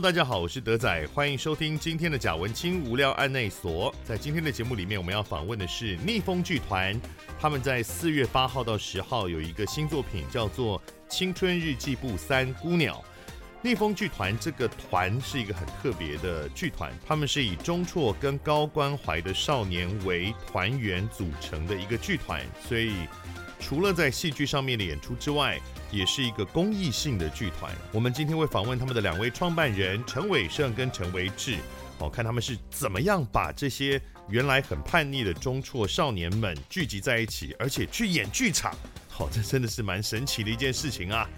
大家好，我是德仔，歡迎收聽今天的賈文青無聊案內所。在今天的節目裡面，我們要訪問的是逆風劇團，他們在四月八號到十號有一個新作品，叫做《青春日記簿三孤鳥》。逆風劇團這個團是一個很特別的劇團，他們是以中輟跟高關懷的少年為團員組成的一個劇團，所以。除了在戲劇上面的演出之外，也是一個公益性的劇團。我們今天會訪問他們的兩位創辦人成瑋盛跟陳韋志，哦，看他們是怎麼樣把這些原來很叛逆的中輟少年們聚集在一起，而且去演劇場，好、哦，這真的是蠻神奇的一件事情啊。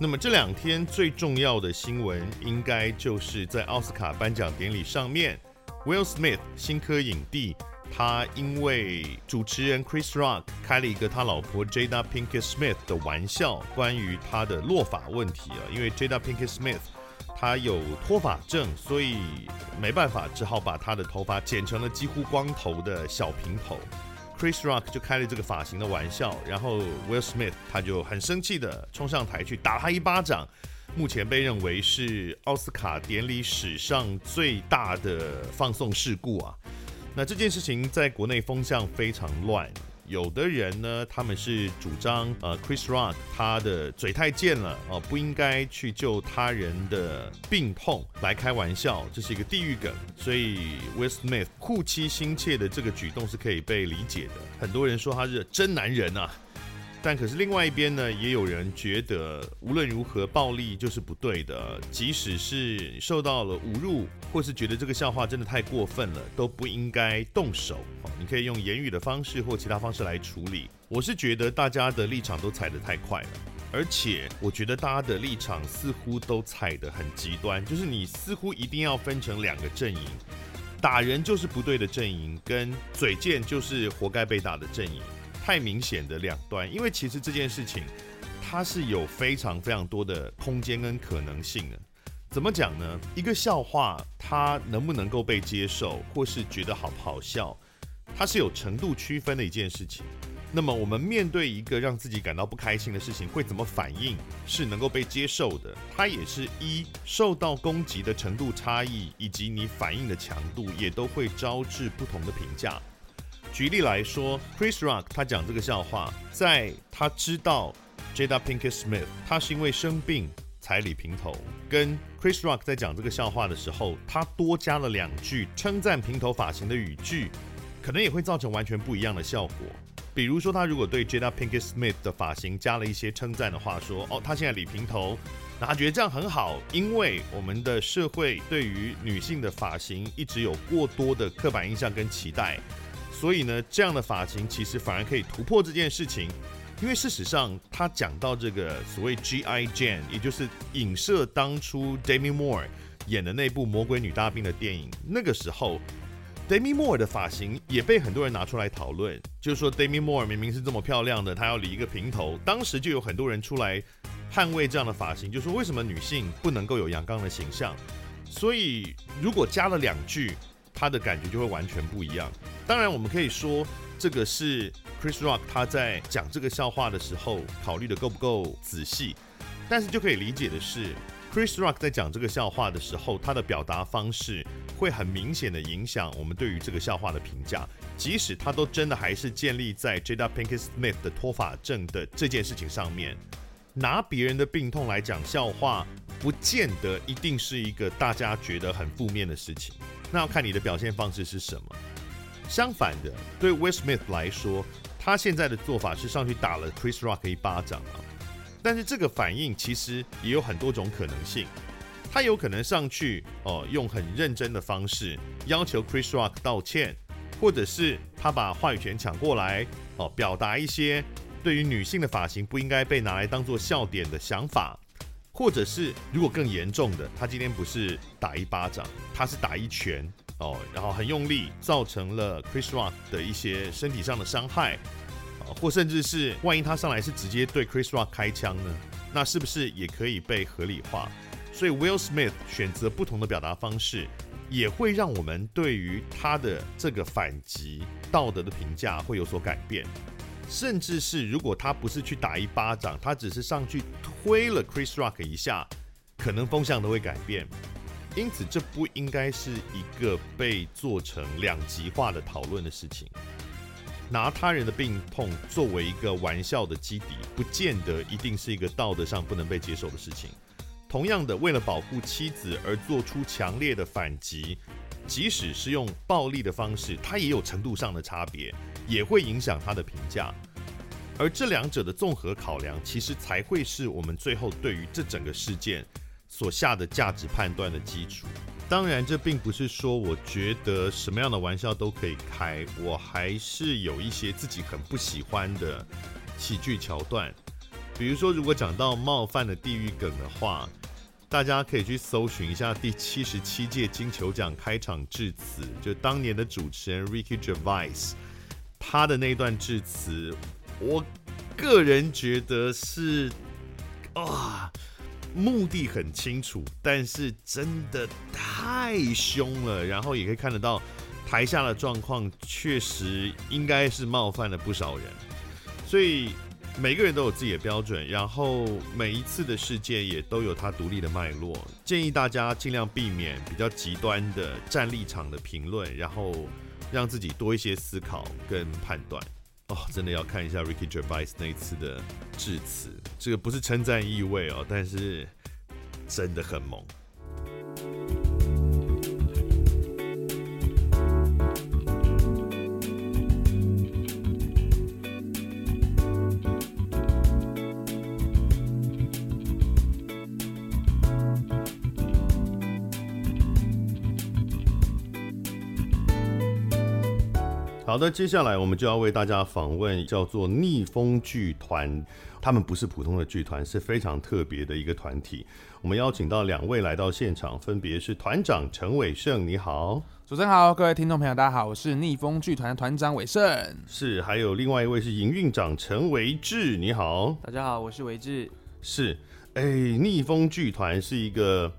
那麼這兩天最重要的新聞，應該就是在奧斯卡頒獎典禮上面，Will Smith 新科影帝。他因為主持人 Chris Rock 開了一個他老婆 Jada Pinkett Smith 的玩笑，關於他的落髮問題啊，因為 Jada Pinkett Smith 她有脫髮症，所以沒辦法，只好把他的頭髮剪成了幾乎光頭的小平頭。Chris Rock 就開了這個髮型的玩笑，然後 Will Smith 他就很生氣地衝上台去打他一巴掌，目前被認為是奧斯卡典禮史上最大的放送事故啊。那這件事情在國內風向非常亂，有的人呢，他們是主張呃，Chris Rock 他的嘴太賤了哦、呃，不應該去救他人的病痛來開玩笑，這是一個地獄梗，所以 Will Smith 護妻心切的這個舉動是可以被理解的。很多人說他是真男人啊。但可是另外一邊呢，也有人覺得無論如何暴力就是不對的，即使是受到了侮辱或是覺得這個笑話真的太過分了，都不應該動手。你可以用言語的方式或其他方式來處理。我是覺得大家的立場都踩得太快了，而且我覺得大家的立場似乎都踩得很極端，就是你似乎一定要分成兩個陣營，打人就是不對的陣營，跟嘴賤就是活該被打的陣營。太明顯的兩端，因為其實這件事情它是有非常非常多的空間跟可能性的。怎麼講呢？一個笑話，它能不能夠被接受，或是覺得好不好笑，它是有程度區分的一件事情。那麼，我們面對一個讓自己感到不開心的事情，會怎麼反應，是能夠被接受的？它也是一受到攻擊的程度差異，以及你反應的強度，也都會招致不同的評價。舉例來說，Chris Rock 他講這個笑話，在他知道 Jada Pinkett Smith 他是因為生病才理平頭，跟 Chris Rock 在講這個笑話的時候，他多加了兩句稱讚平頭髮型的語句，可能也會造成完全不一樣的效果。比如說，他如果對 Jada Pinkett Smith 的髮型加了一些稱讚的話，說：“哦，他現在理平頭，那他覺得這樣很好，因為我們的社會對於女性的髮型一直有過多的刻板印象跟期待。”所以呢，這樣的髮型其實反而可以突破這件事情，因為事實上他講到這個所謂 G.I. Jane，也就是影射當初 Demi Moore 演的那部《魔鬼女大兵》的電影。那個時候，Demi Moore 的髮型也被很多人拿出來討論，就是說 Demi Moore 明明是這麼漂亮的，她要理一個平頭，當時就有很多人出來捍衛這樣的髮型，就是說為什麼女性不能夠有陽剛的形象？所以如果加了兩句。他的感覺就會完全不一樣。當然，我們可以說這個是 Chris Rock 他在講這個笑話的時候考慮的夠不夠仔細，但是就可以理解的是，Chris Rock 在講這個笑話的時候，他的表達方式會很明顯的影響我們對於這個笑話的評價。即使他都真的還是建立在 Jada Pinkett Smith 的脫髮症的這件事情上面，拿別人的病痛來講笑話，不見得一定是一個大家覺得很負面的事情。那要看你的表現方式是什麼。相反的，對 Will Smith 來說，他現在的做法是上去打了 Chris Rock 一巴掌啊。但是這個反應其實也有很多種可能性。他有可能上去哦、呃，用很認真的方式要求 Chris Rock 道歉，或者是他把話語權搶過來哦、呃，表達一些對於女性的髮型不應該被拿來當作笑點的想法。或者是如果更嚴重的，他今天不是打一巴掌，他是打一拳哦，然後很用力，造成了 Chris Rock 的一些身體上的傷害，哦，或甚至是萬一他上來是直接對 Chris Rock 開槍呢，那是不是也可以被合理化？所以 Will Smith 選擇不同的表達方式，也會讓我們對於他的這個反擊道德的評價會有所改變。甚至是如果他不是去打一巴掌，他只是上去推了 Chris Rock 一下，可能風向都會改變。因此，這不應該是一個被做成兩極化的討論的事情。拿他人的病痛作為一個玩笑的基底，不見得一定是一個道德上不能被接受的事情。同樣的，為了保護妻子而做出強烈的反擊，即使是用暴力的方式，它也有程度上的差別。也會影響他的評價，而這兩者的綜合考量，其實才會是我們最後對於這整個事件所下的價值判斷的基礎。當然，這並不是說我覺得什麼樣的玩笑都可以開，我還是有一些自己很不喜歡的喜劇橋段。比如說，如果講到冒犯的地獄梗的話，大家可以去搜尋一下第七十七屆金球獎開場致辭，就當年的主持人 Ricky Gervais 他的那段致辭，我個人覺得是啊、哦，目的很清楚，但是真的太凶了。然後也可以看得到台下的狀況，確實應該是冒犯了不少人。所以每個人都有自己的標準，然後每一次的事件也都有他獨立的脈絡。建議大家盡量避免比較極端的站立場的評論，然後。讓自己多一些思考跟判斷哦，真的要看一下 Ricky Gervais 那一次的致辭，這個不是稱讚意味哦，但是真的很猛。好的，接下來我們就要為大家訪問叫做逆風劇團，他們不是普通的劇團，是非常特別的一個團體。我們邀請到兩位來到現場，分別是團長成瑋盛，你好，主持人好，各位聽眾朋友大家好，我是逆風劇團團長瑋盛，是，還有另外一位是營運長陳韋志，你好，大家好，我是韋志，是，哎、欸，逆風劇團是一個。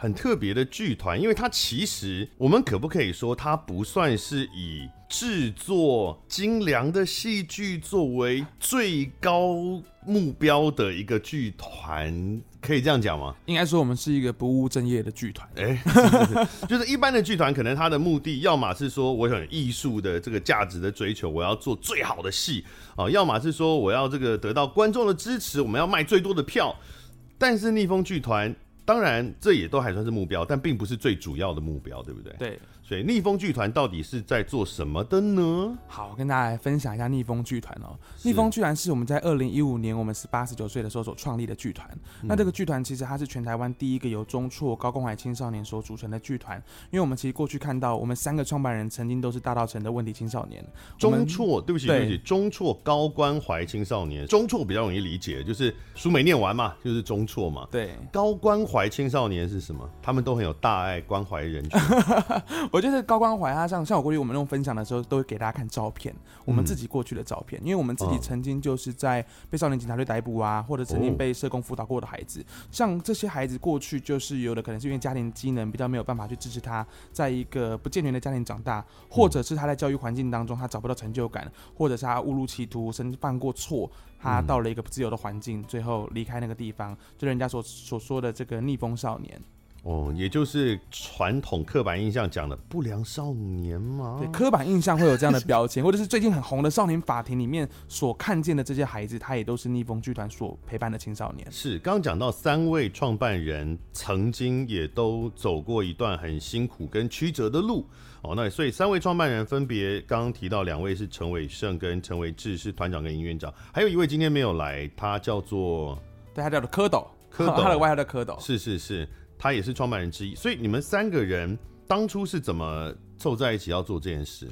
很特別的劇團，因為它其實，我們可不可以說它不算是以製作精良的戲劇作為最高目標的一個劇團？可以這樣講嗎？應該說，我們是一個不務正業的劇團。哎、欸， 就是一般的劇團，可能它的目的，要麼是說我想藝術的這個價值的追求，我要做最好的戲啊、呃；要麼是說我要這個得到觀眾的支持，我們要賣最多的票。但是逆風劇團。當然，這也都還算是目標，但並不是最主要的目標，對不對？對。所以逆風劇團到底是在做什麼的呢？好，我跟大家來分享一下逆風劇團哦。是逆風劇團是我們在二零一五年，我們十八十九歲的時候所創立的劇團。嗯、那這個劇團其實它是全台灣第一個由中輟、高關懷青少年所組成的劇團。因為我們其實過去看到，我們三個創辦人曾經都是大稻埕的問題青少年。中輟措，們對不起，對不起，中輟高關懷青少年。中輟比較容易理解，就是書沒念完嘛，就是中輟嘛。對，高關懷青少年是什麼？他們都很有大愛關懷人群。 我就是高關懷他，像，像我過去我們那種分享的時候，都會給大家看照片，嗯、我們自己過去的照片，因為我們自己曾經就是在被少年警察隊逮捕啊，或者曾經被社工輔導過的孩子，哦、像這些孩子過去就是有的，可能是因為家庭機能比較沒有辦法去支持他，在一個不健全的家庭長大，嗯、或者是他在教育環境當中他找不到成就感，或者是他誤入歧途甚至犯過錯，他到了一個不自由的環境，最後離開那個地方，就人家所所說的這個逆風少年。哦，也就是傳統刻板印象講的不良少年嘛。對，刻板印象會有這樣的標籤， 或者是最近很紅的《少年法庭》裡面所看見的這些孩子，他也都是逆風劇團所陪伴的青少年。是，剛講到三位創辦人曾經也都走過一段很辛苦跟曲折的路。哦，那所以三位創辦人分別剛剛提到，兩位是成瑋盛跟陳韋志，是團長跟營院長，還有一位今天沒有來，他叫做對，他叫做蝌蚪，蝌蚪，哦、他的外號叫蝌蚪。是是是。他也是創辦人之一，所以你們三個人當初是怎麼湊在一起要做這件事？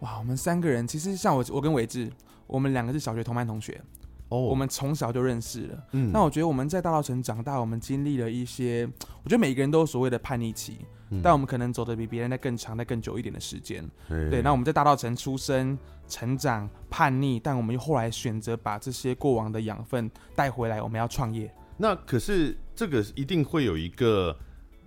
哇，我們三個人其實像我，我跟韋志，我們兩個是小學同班同學，哦，oh. 我們從小就認識了。嗯，那我覺得我們在大稻埕長大，我們經歷了一些，我覺得每個人都有所謂的叛逆期，嗯、但我們可能走的比別人在更長、在更久一點的時間。嗯、對，那我們在大稻埕出生、成長、叛逆，但我們又後來選擇把這些過往的養分帶回來，我們要創業。那可是這個一定會有一個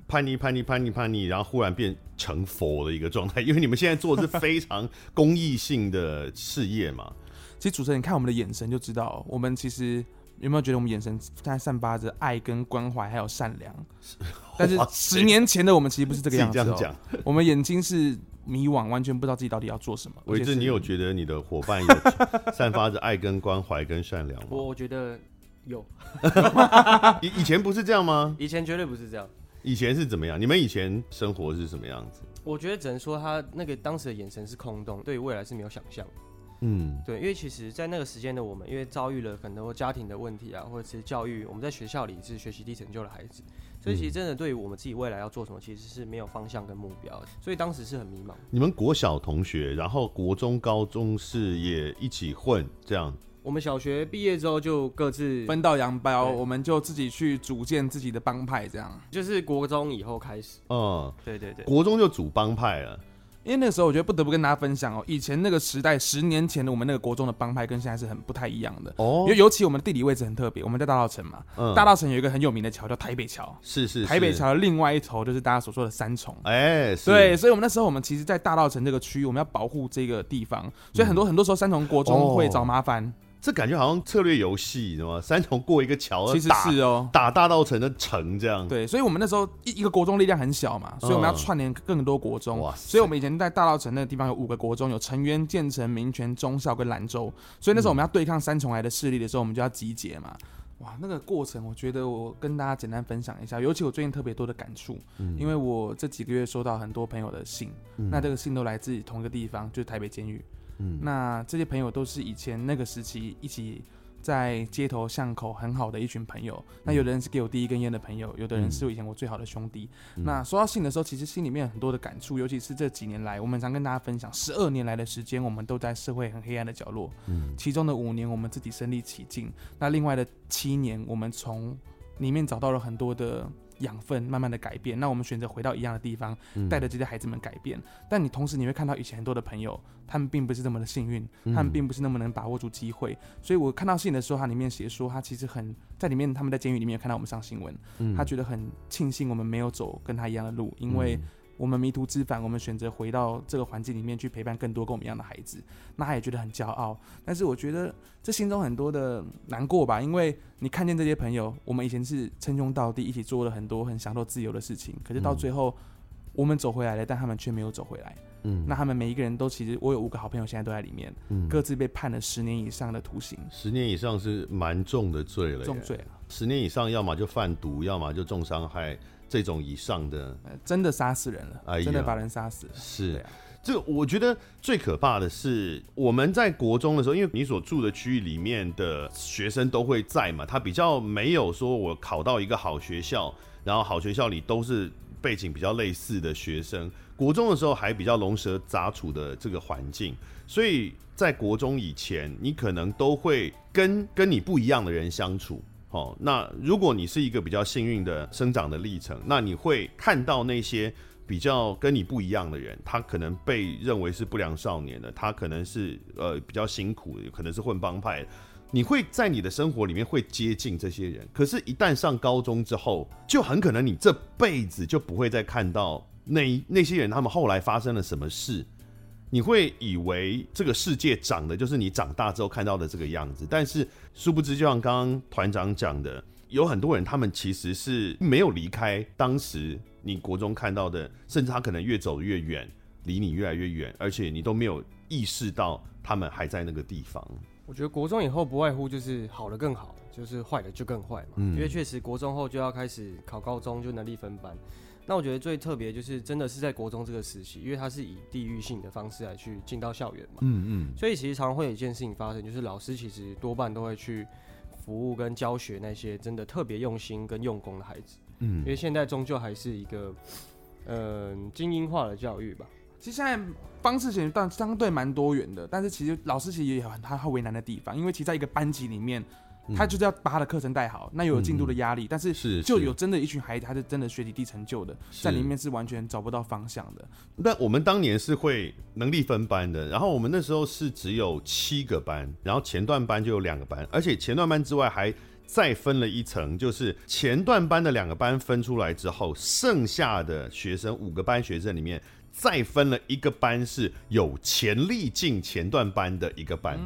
叛逆、叛逆、叛逆、叛逆，然後忽然變成佛的一個狀態。因為你們現在做的是非常公益性的事業嘛。其實主持人，你看我們的眼神就知道，我們其實有沒有覺得我們眼神它在散發着愛、跟關懷還有善良？是但是十年前的我們其實不是這個樣子。這樣講，我們眼睛是迷惘，完全不知道自己到底要做什麼。韋志，你有覺得你的夥伴有散發着愛、跟關懷跟善良嗎？ 我覺得。有，以 以前不是這樣嗎？以前絕對不是這樣。以前是怎麼樣？你們以前生活是什麼樣子？我覺得只能說他那個當時的眼神是空洞，對未來是沒有想象嗯，對，因為其實，在那個時間的我們，因為遭遇了很多家庭的問題啊，或者是教育，我們在學校裡是學習低成就的孩子，所以其實真的對於我們自己未來要做什麼，其實是沒有方向跟目標的，所以當時是很迷茫。你們國小同學，然後國中、高中是也一起混這樣。我們小學畢業之後就各自分道揚鑣。對我們就自己去組建自己的幫派，這樣就是國中以後開始。嗯，對對對，國中就組幫派了。因為那時候我覺得不得不跟大家分享哦，以前那個時代，十年前的我們那個國中的幫派跟現在是很不太一樣的哦。因為尤其我們的地理位置很特別，我們在大稻埕嘛，嗯、大稻埕有一個很有名的橋叫台北橋，是，是是。台北橋的另外一頭就是大家所說的三重，哎、欸，對，所以我們那時候我們其實，在大稻埕這個區域，我們要保護這個地方，所以很多、嗯、很多時候三重國中會找麻煩。哦這感覺好像策略遊戲，你知道嗎？三重過一個橋，其實是哦，打，打大稻埕的埕這樣。對，所以我們那時候一一個國中力量很小嘛，嗯、所以我們要串聯更多國中。哇塞！所以我們以前在大稻埕那個地方有五個國中，有成淵、建成、民權、忠孝跟蘭州。所以那時候我們要對抗三重來的勢力的時候，我們就要集結嘛。嗯、哇，那個過程我覺得我跟大家簡單分享一下，尤其我最近特別多的感觸，嗯、因為我這幾個月收到很多朋友的信，嗯、那這個信都來自同一個地方，就是台北監獄。嗯、那這些朋友都是以前那個時期一起在街頭巷口很好的一群朋友。嗯、那有的人是給我第一根菸的朋友，有的人是我以前我最好的兄弟。嗯、那說到信的時候，其實心裡面很多的感觸，尤其是這幾年來，我們常跟大家分享，十二年來的時間，我們都在社會很黑暗的角落。嗯，其中的五年我們自己身歷其境，那另外的七年我們從裡面找到了很多的。養分慢慢的改變，那我們選擇回到一樣的地方，帶着、嗯、這些孩子們改變。但你同時你會看到以前很多的朋友，他們並不是這麼的幸運，嗯、他們並不是那麼能把握住機會。所以我看到信的時候，他裡面寫說，他其實很在裡面，他們在監獄裡面也看到我們上新聞，嗯、他覺得很慶幸我們沒有走跟他一樣的路，因為。嗯我們迷途知返，我們選擇回到這個環境裡面去陪伴更多跟我們一樣的孩子，那他也覺得很驕傲。但是我覺得這心中很多的難過吧，因為你看見這些朋友，我們以前是稱兄道弟，一起做了很多很享受自由的事情，可是到最後、嗯、我們走回來了，但他們卻沒有走回來。嗯，那他們每一個人都其實，我有五個好朋友，現在都在裡面，嗯、各自被判了十年以上的徒刑。十年以上是蠻重的罪了，重罪了。十年以上，要麼就販毒，要麼就重傷害。這種以上的真的殺死人了，哎、呦真的把人殺死。是，啊、這個我覺得最可怕的是我們在國中的時候，因為你所住的區域裡面的學生都會在嘛，他比較沒有說我考到一個好學校，然後好學校裡都是背景比較類似的學生。國中的時候還比較龍蛇雜處的這個環境，所以在國中以前，你可能都會跟跟你不一樣的人相處。哦，那如果你是一個比較幸運的生長的歷程，那你會看到那些比較跟你不一樣的人，他可能被認為是不良少年的，他可能是呃比較辛苦，可能是混幫派的，你會在你的生活裡面會接近這些人，可是，一旦上高中之後，就很可能你這輩子就不會再看到那那些人，他們後來發生了什麼事。你會以為這個世界長的就是你長大之後看到的這個樣子，但是殊不知，就像剛剛團長講的，有很多人他們其實是沒有離開當時你國中看到的，甚至他可能越走越遠，離你越來越遠，而且你都沒有意識到他們還在那個地方。我覺得國中以後不外乎就是好的更好，就是壞的就更壞嘛，嗯、因為確實國中後就要開始考高中，就能力分班。那我覺得最特別就是真的是在國中這個時期，因為他是以地域性的方式來去進到校園嘛，嗯嗯，嗯，所以其實常常會有一件事情發生，就是老師其實多半都會去服務跟教學那些真的特別用心跟用功的孩子，嗯，因為現在終究還是一個呃精英化的教育吧。其實現在方式其實但相對蠻多元的，但是其實老師其實也有很他為難的地方，因為其實在一個班級裡面。嗯、他就是要把他的課程帶好，那有進度的壓力，嗯、但是就有真的一群孩子，他是真的學習低成就的，在裡面是完全找不到方向的。那我們當年是會能力分班的，然後我們那時候是只有七個班，然後前段班就有兩個班，而且前段班之外還再分了一層，就是前段班的兩個班分出來之後，剩下的學生五個班學生裡面。再分了一個班，是有潛力進前段班的一個班，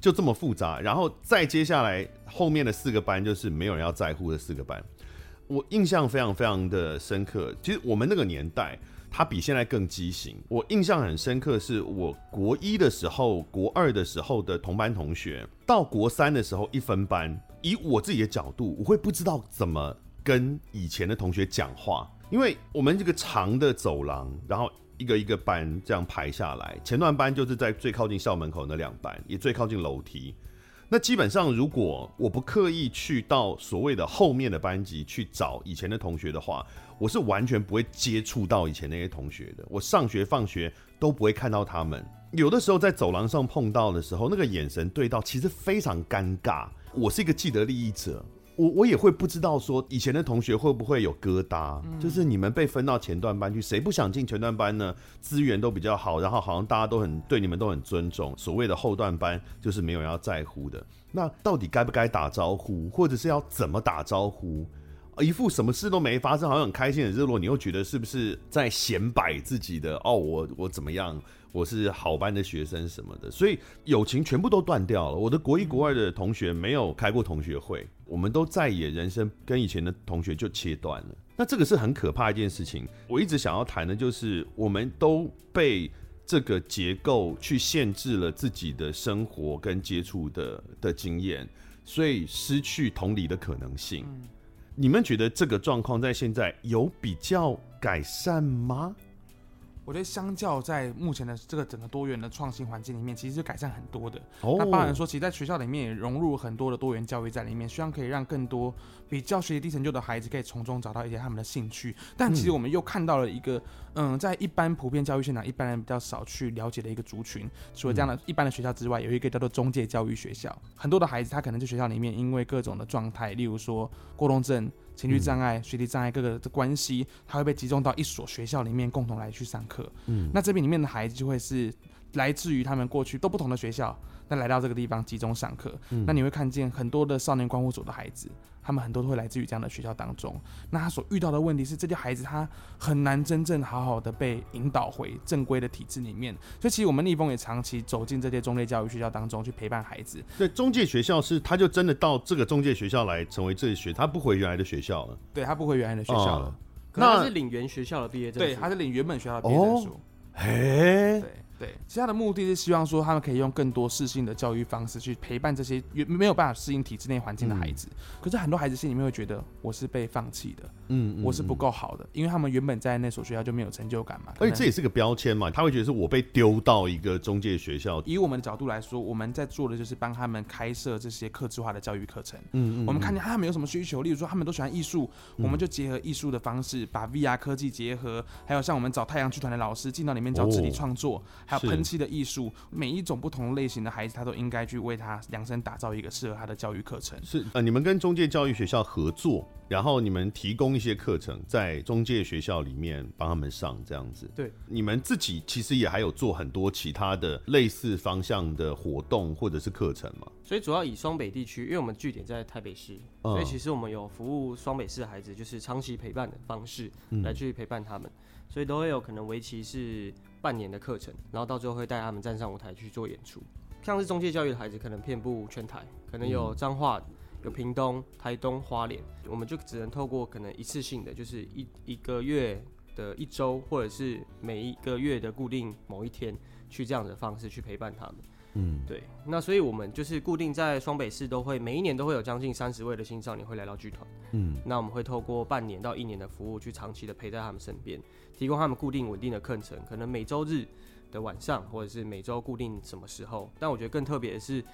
就這麼複雜。然後再接下來後面的四個班，就是沒有人要在乎的四個班。我印象非常非常的深刻。其實我們那個年代，它比現在更畸形。我印象很深刻，是我國一的時候、國二的時候的同班同學，到國三的時候一分班。以我自己的角度，我會不知道怎麼跟以前的同學講話。因為我們這個長的走廊，然後一個一個班這樣排下來，前段班就是在最靠近校門口那兩班，也最靠近樓梯。那基本上，如果我不刻意去到所謂的後面的班級去找以前的同學的話，我是完全不會接觸到以前那些同學的。我上學放學都不會看到他們。有的時候在走廊上碰到的時候，那個眼神對到，其實非常尷尬。我是一個既得利益者。我我也會不知道說以前的同學會不會有疙瘩，就是你們被分到前段班去，誰不想進前段班呢？資源都比較好，然後好像大家都很對你們都很尊重。所謂的後段班就是沒有人要在乎的。那到底該不該打招呼，或者是要怎麼打招呼？一副什麼事都沒發生，好像很開心、很熱絡。你又覺得是不是在顯擺自己的？哦，我我怎麼樣？我是好班的學生什麼的，所以友情全部都斷掉了。我的國一、國二的同學沒有開過同學會，我們都再也人生跟以前的同學就切斷了。那這個是很可怕一件事情。我一直想要談的，就是我們都被這個結構去限制了自己的生活跟接觸的的經驗，所以失去同理的可能性。你們覺得這個狀況在現在有比較改善嗎？我覺得相較在目前的這個整個多元的創新環境裡面，其實是改善很多的。Oh. 那包含說，其實在學校裡面也融入很多的多元教育在裡面，希望可以讓更多比較學習低成就的孩子可以從中找到一些他們的興趣。但其實我們又看到了一個，嗯、嗯，在一般普遍教育現場一般人比較少去了解的一個族群。除了這樣的、嗯、一般的學校之外，有一個叫做中介教育學校，很多的孩子他可能在學校裡面因為各種的狀態，例如說過動症。情緒障礙、學習障礙，各個的關係，他會被集中到一所學校裡面，共同來去上課。嗯，那這邊裡面的孩子就會是來自於他們過去都不同的學校，那來到這個地方集中上課。嗯，那你會看見很多的少年觀護所的孩子。他們很多都會來自於這樣的學校當中，那他所遇到的問題是，這些孩子他很難真正好好的被引導回正規的體制裡面。所以其實我們逆風也長期走進這些中介教育學校當中去陪伴孩子。對，中介學校是他就真的到這個中介學校來成為這個學，他不回原來的學校了。對，他不回原來的學校了，那、嗯、他是領原學校的畢業證。對，他是領原本學校的畢業證書。哦，嘿，對。對，其他的目的是希望說，他們可以用更多適性的教育方式去陪伴這些沒有辦法適應體制內環境的孩子。嗯、可是很多孩子心裡面會覺得，我是被放棄的。嗯，嗯，嗯，我是不夠好的，嗯嗯，因為他們原本在那所學校就沒有成就感嘛。而且這也是個標籤嘛，他會覺得是我被丟到一個中介學校。以我們的角度來說，我們在做的就是幫他們開設這些客製化的教育課程。嗯，嗯，嗯，我們看見他們有什麼需求，例如說他們都喜歡藝術，我們就結合藝術的方式，把 VR 科技結合，還有像我們找太陽劇團的老師進到裡面教肢體創作，哦、還有噴漆的藝術，每一種不同類型的孩子，他都應該去為他量身打造一個適合他的教育課程。是，呃，你們跟中介教育學校合作，然後你們提供，一些課程在中介學校裡面幫他們上，這樣子。對，你們自己其實也還有做很多其他的類似方向的活動或者是課程嘛？所以主要以雙北地區，因為我們據點在台北市，嗯、所以其實我們有服務雙北市的孩子，就是長期陪伴的方式來去陪伴他們，嗯、所以都會有可能為期是半年的課程，然後到最後會帶他們站上舞台去做演出。像是中介教育的孩子，可能遍布全台，可能有彰化，嗯有屏東、臺東、花蓮，我們就只能透過可能一次性的，就是一一個月的一周，或者是每一個月的固定某一天，去這樣的方式去陪伴他們。嗯，對。那所以我們就是固定在雙北市都會，每一年都會有將近三十位的青少年會來到劇團。嗯，那我們會透過半年到一年的服務，去長期的陪在他們身邊，提供他們固定穩定的課程，可能每週日的晚上，或者是每週固定什麼時候。但我覺得更特別的是。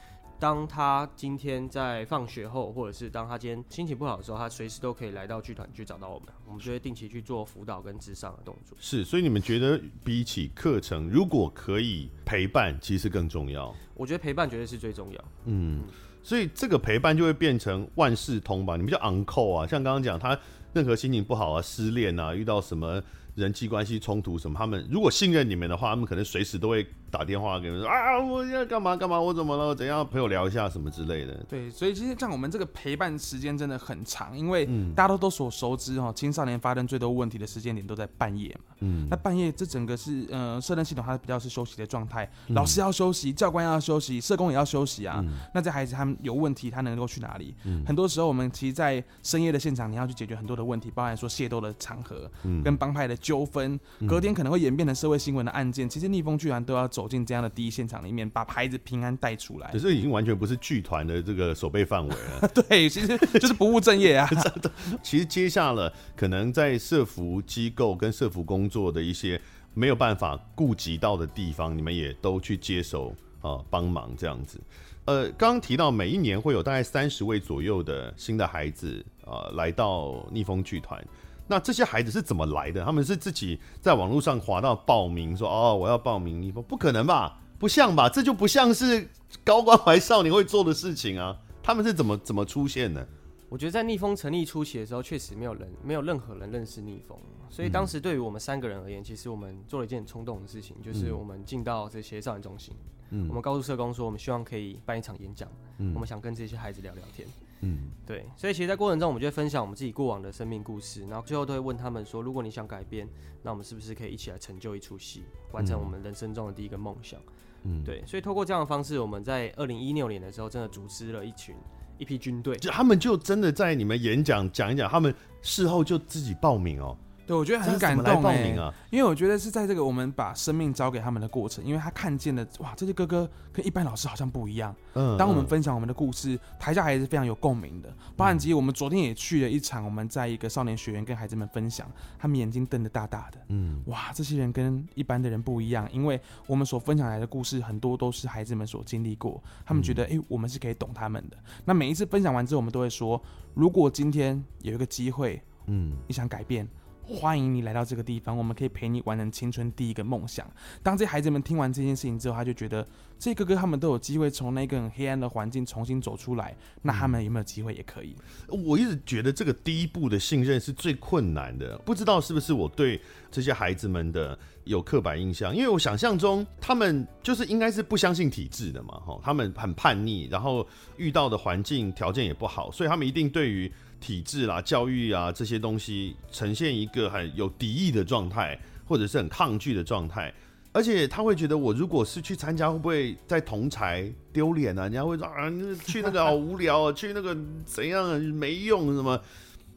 當他今天在放學後，或者是當他今天心情不好的時候，他隨時都可以來到劇團去找到我們，我們就會定期去做輔導跟諮商的動作。是，所以你們覺得比起課程，如果可以陪伴，其實更重要。我覺得陪伴絕對是最重要。嗯，所以這個陪伴就會變成萬事通吧？你們叫昂扣啊，像剛剛講他任何心情不好啊、失戀啊、遇到什麼人際關係衝突什麼，他們如果信任你們的話，他們可能隨時都會。打電話給我說啊，我現在幹嘛幹嘛？我怎麼了？怎樣陪我聊一下什麼之類的？對，所以其實像我們這個陪伴時間真的很長，因為大家都所熟知哦，青少年發生最多問題的時間點都在半夜嘛。嗯，那半夜這整個是呃社輔系統它比較是休息的狀態，嗯、老師要休息，教官要休息，社工也要休息啊。嗯、那這孩子他們有問題，他能夠去哪裡？嗯、很多時候我們其實，在深夜的現場，你要去解決很多的問題，包含說械鬥的場合，嗯、跟幫派的糾紛，嗯、隔天可能會演變成社會新聞的案件。其實逆風居然都要走，走進這樣的第一現場裡面，把孩子平安帶出來，可是已經完全不是劇團的這個守備範圍了。 對，其實就是不務正業啊。 其實接下來了可能在社福機構跟社福工作的一些沒有辦法顧及到的地方，你們也都去接手啊，幫忙這樣子。呃，剛剛提到每一年會有大概三十位左右的新的孩子啊，來到逆風劇團。那這些孩子是怎麼來的？他們是自己在網絡上滑到，報名說，說哦，我要報名逆風。不不，可能吧？不像吧？這就不像是高關懷少年會做的事情啊！他們是怎麼怎麼出現的？我覺得在逆風成立初期的時候，確實沒有人沒有任何人認識逆風，所以當時對於我們三個人而言，其實我們做了一件很衝動的事情，就是我們進到這些少年中心，嗯，我們告訴社工說，我們希望可以辦一場演講，嗯，我們想跟這些孩子聊聊天。嗯，對，所以其實，在過程中，我們就會分享我們自己過往的生命故事，然後最後都會問他們說，如果你想改變，那我們是不是可以一起來成就一出戲，完成我們人生中的第一個夢想？嗯，對，所以透過這樣的方式，我們在二零一六年的時候，真的組織了一群一批軍隊，就他們就真的在你們演講講一講，他們事後就自己報名哦。對，我覺得很感動，欸啊、因為我覺得是在這個我們把生命交給他們的過程，因為他看見了哇，這些哥哥跟一般老師好像不一樣。嗯，嗯，當我們分享我們的故事，台下還是非常有共鳴的。包含其實，我們昨天也去了一場，我們在一個少年學院跟孩子們分享，他們眼睛瞪得大大的。嗯，哇，這些人跟一般的人不一樣，因為我們所分享來的故事很多都是孩子們所經歷過，他們覺得哎、嗯欸，我們是可以懂他們的。那每一次分享完之後，我們都會說，如果今天有一個機會，嗯，你想改變，歡迎你來到這個地方，我們可以陪你完成青春第一個夢想。當這些孩子們聽完這件事情之後，他就覺得這哥哥他們都有機會從那個很黑暗的環境重新走出來，那他們有沒有機會也可以？我一直覺得這個第一步的信任是最困難的，不知道是不是我對這些孩子們的。有刻板印象，因為我想象中他們就是應該是不相信體制的嘛，吼，他們很叛逆，然後遇到的環境條件也不好，所以他們一定對於體制啦、教育啊這些東西呈現一個很有敵意的狀態，或者是很抗拒的狀態。而且他會覺得，我如果是去參加，會不會在同儕丟臉啊？人家會說啊，去那個好無聊啊，去那個怎樣啊，沒用什麼？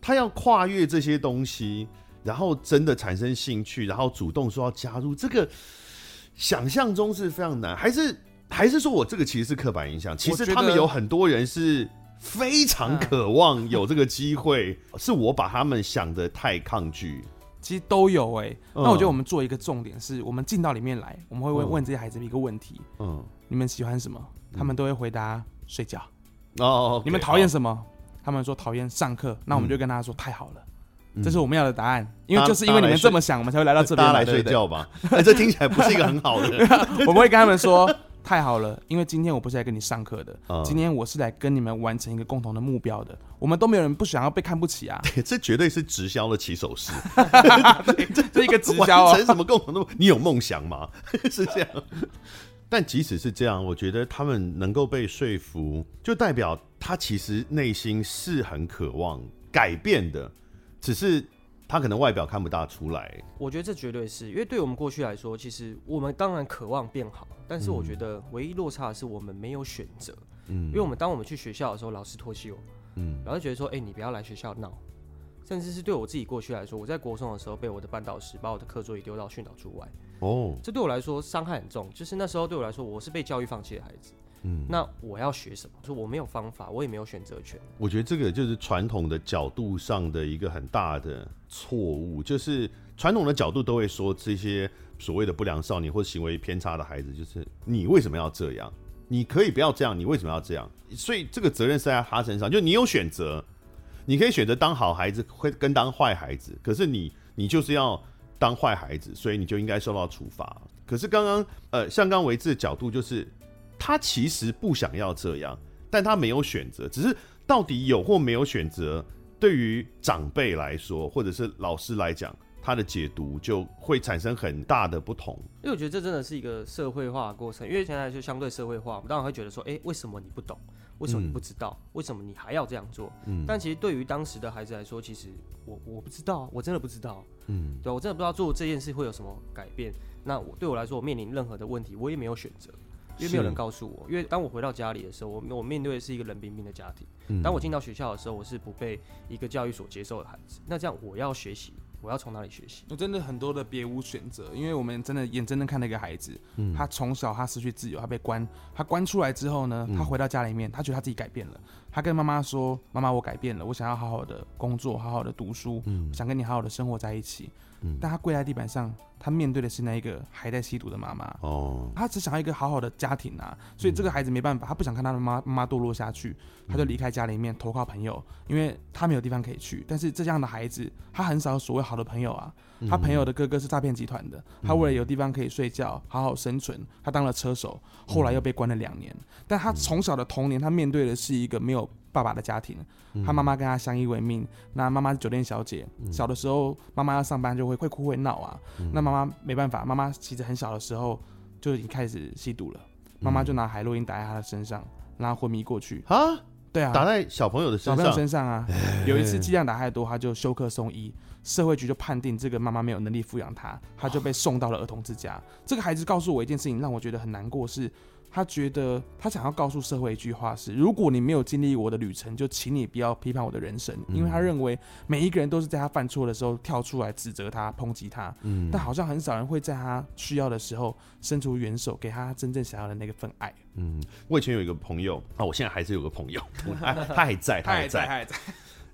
他要跨越這些東西。然後真的產生興趣，然後主動說要加入這個，想象中是非常難，還是還是說我這個其實是刻板印象？其實他們有很多人是非常渴望有這個機會，是我把他們想的太抗拒。其實都有哎、欸，那我覺得我們做一個重點是、嗯、是我們進到裡面來，我們會問、嗯、問這些孩子一個問題：嗯，你們喜歡什麼？他們都會回答、嗯、睡覺。哦，okay，你們討厭什麼？好他們說討厭上課。那我們就跟大家說、嗯、太好了。嗯、這是我們要的答案，因為就是因為你們這麼想，我們才會來到這邊。來睡覺吧，對對對這聽起來不是一個很好的。 我們會跟他們說：“ 太好了，因為今天我不是來跟你上課的，嗯、今天我是來跟你們完成一個共同的目標的。我們都沒有人不想要被看不起啊。對”這絕對是直銷的起手式。這 這一個直銷、哦，成什麼共同的？你有夢想嗎？ 是這樣。但即使是這樣，我覺得他們能夠被說服，就代表他其實內心是很渴望改變的。只是他可能外表看不大出來，我覺得這絕對是因為對我們過去來說，其實我們當然渴望變好，但是我覺得唯一落差的是我們沒有選擇，嗯，因為我們當我們去學校的時候，老師唾棄我，嗯，老師覺得說，哎、欸，你不要來學校鬧，甚至是對我自己過去來說，我在國中的時候被我的班導師把我的課桌椅丟到訓導處外，哦，這對我來說傷害很重，就是那時候對我來說，我是被教育放棄的孩子。嗯，那我要學什麼？就我沒有方法，我也沒有選擇權。我覺得這個就是傳統的角度上的一個很大的錯誤，就是傳統的角度都會說這些所謂的不良少年或行為偏差的孩子，就是你為什麼要這樣？你可以不要這樣，你為什麼要這樣？所以這個責任是在他身上，就你有選擇，你可以選擇當好孩子，會跟當壞孩子。可是你你就是要當壞孩子，所以你就應該受到處罰。可是剛剛呃，像剛韋志的角度就是。他其實不想要這樣，但他沒有選擇。只是到底有或沒有選擇，對於長輩來說，或者是老師來講，他的解讀就會產生很大的不同。因為我覺得這真的是一個社會化的過程。因為現在就相對社會化，我們當然會覺得說：“哎，為什麼你不懂？為什麼你不知道？嗯、為什麼你還要這樣做？”嗯。但其實對於當時的孩子來說，其實我我不知道，我真的不知道。嗯。對，我真的不知道做這件事會有什麼改變。那我對我來說，我面臨任何的問題，我也沒有選擇。因為沒有人告訴我，是因為當我回到家裡的時候，我我面對的是一個冷冰冰的家庭。嗯、當我進到學校的時候，我是不被一個教育所接受的孩子。那這樣我要學習，我要從哪裡學習？我真的很多的別無選擇，因為我們真的眼睜睜看到一個孩子，嗯、他從小他失去自由，他被關，他關出來之後呢，他回到家裡面，嗯、他覺得他自己改變了。他跟媽媽說：“媽媽，我改變了，我想要好好的工作，好好的讀書，嗯、我想跟你好好的生活在一起。”但他跪在地板上，他面對的是那一個還在吸毒的媽媽。哦，他只想要一個好好的家庭啊，所以這個孩子沒辦法，他不想看他的媽，媽媽墮落下去，他就離開家裡面投靠朋友，因為他沒有地方可以去。但是這樣的孩子，他很少有所謂好的朋友啊。他朋友的哥哥是詐騙集團的，他為了有地方可以睡覺，好好生存，他當了車手，後來又被關了兩年。但他從小的童年，他面對的是一個沒有爸爸的家庭，嗯、他媽媽跟他相依為命。那媽媽是酒店小姐，嗯、小的時候媽媽要上班就會會哭會鬧啊。嗯、那媽媽沒辦法，媽媽其實很小的時候就已經開始吸毒了。媽媽、嗯、就拿海洛因打在他的身上，然後昏迷過去啊。哈對啊，打在小朋友的身上身上啊。欸、有一次劑量打太多，他就休克送醫。欸、社會局就判定這個媽媽沒有能力撫養他，他就被送到了兒童之家。哦、這個孩子告訴我一件事情，讓我覺得很難過是。他覺得他想要告訴社會一句話是：如果你沒有經歷我的旅程，就請你不要批判我的人生。因為他認為每一個人都是在他犯錯的時候跳出來指責他、抨擊他。嗯。但好像很少人會在他需要的時候伸出援手，給他真正想要的那個份愛。嗯。我以前有一個朋友啊、哦，我現在還是有個朋友他，他還在，他還在，他還在。還在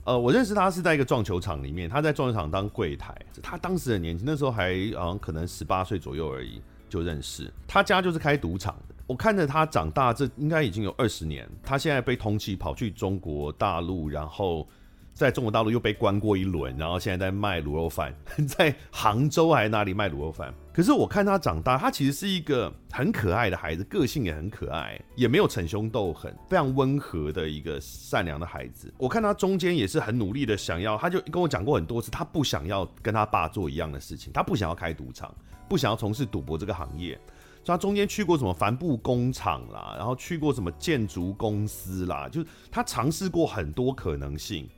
呃，我認識他是在一個撞球場裡面，他在撞球場當櫃檯。他當時很年輕，那時候還好像可能十八歲左右而已就認識。他家就是開賭場的我看着他長大，這應該已經有二十年。他現在被通緝，跑去中國大陸，然後在中國大陸又被關過一輪，然後現在在賣滷肉飯，在杭州還是哪裡賣滷肉飯？可是我看他長大，他其實是一個很可愛的孩子，個性也很可愛，也沒有逞凶鬥狠，非常溫和的一個善良的孩子。我看他中間也是很努力的，想要，他就跟我講過很多次，他不想要跟他爸做一樣的事情，他不想要開賭場，不想要從事賭博這個行業。他中間去過什麼帆布工廠啦，然後去過什麼建築公司啦，就是他嘗試過很多可能性，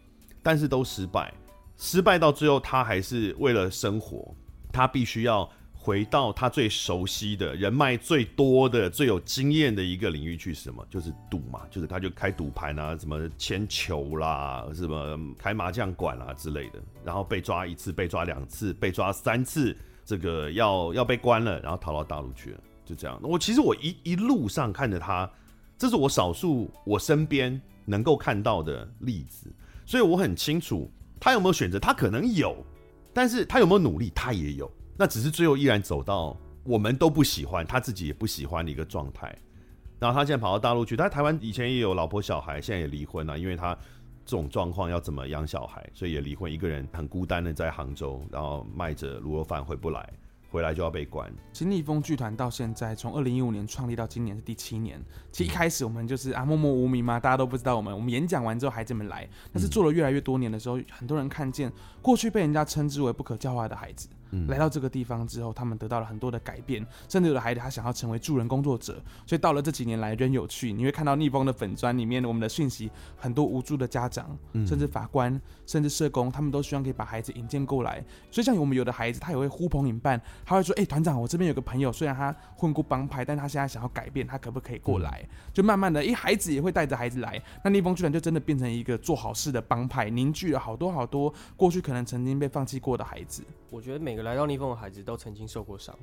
但是都失敗。失敗到最後，他還是為了生活，他必須要回到他最熟悉的人脈最多的，最有經驗的一個領域去。什麼？就是賭嘛，就是他就開賭盤啊，什麼簽球啦，什麼開麻將館啊之類的。然後被抓一次，被抓兩次，被抓三次，這個要要被關了，然後逃到大陸去了。就這樣，我其實我一一路上看着他，這是我少數我身邊能夠看到的例子，所以我很清楚他有沒有選擇，他可能有，但是他有沒有努力，他也有，那只是最後依然走到我們都不喜歡，他自己也不喜歡的一個狀態。然後他現在跑到大陸去，他台灣以前也有老婆小孩，現在也離婚了，因為他這種狀況要怎麼養小孩，所以也離婚，一個人很孤單的在杭州，然後賣着滷肉飯回不來。回來就要被關。其實逆風劇團到現在，從二零一五年創立到今年是第七年。其實一開始我們就是、嗯、啊默默無名嘛，大家都不知道我們。我們演講完之後孩子們來，但是做了越來越多年的時候，很多人看見過去被人家稱之為不可教化的孩子。嗯、來到這個地方之後，他們得到了很多的改變，甚至有的孩子他想要成為助人工作者，所以到了這幾年來，真有趣。你會看到逆風的粉專裡面，我們的訊息很多無助的家長，嗯、甚至法官，甚至社工，他們都希望可以把孩子引薦過來。所以像我們有的孩子，他也會呼朋引伴，他會說：“哎、欸，團長，我這邊有個朋友，雖然他混過幫派，但他現在想要改變，他可不可以過來？”嗯、就慢慢的，一孩子也會帶着孩子來，那逆風居然就真的變成一個做好事的幫派，凝聚了好多好多過去可能曾經被放棄過的孩子。我覺得每。每個來到逆風的孩子都曾經受過傷，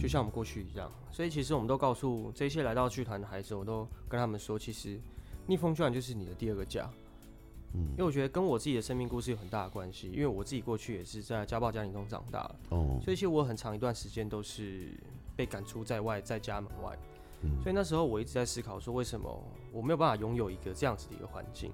就像我們過去一樣，嗯、所以其實我們都告訴這些來到劇團的孩子，我都跟他們說，其實逆風劇團就是你的第二個家。嗯、因為我覺得跟我自己的生命故事有很大的關係，因為我自己過去也是在家暴家庭中長大了，哦、所以其實我很長一段時間都是被趕出在外，在家門外，嗯、所以那時候我一直在思考說，為什麼我沒有辦法擁有一個這樣子的一個環境？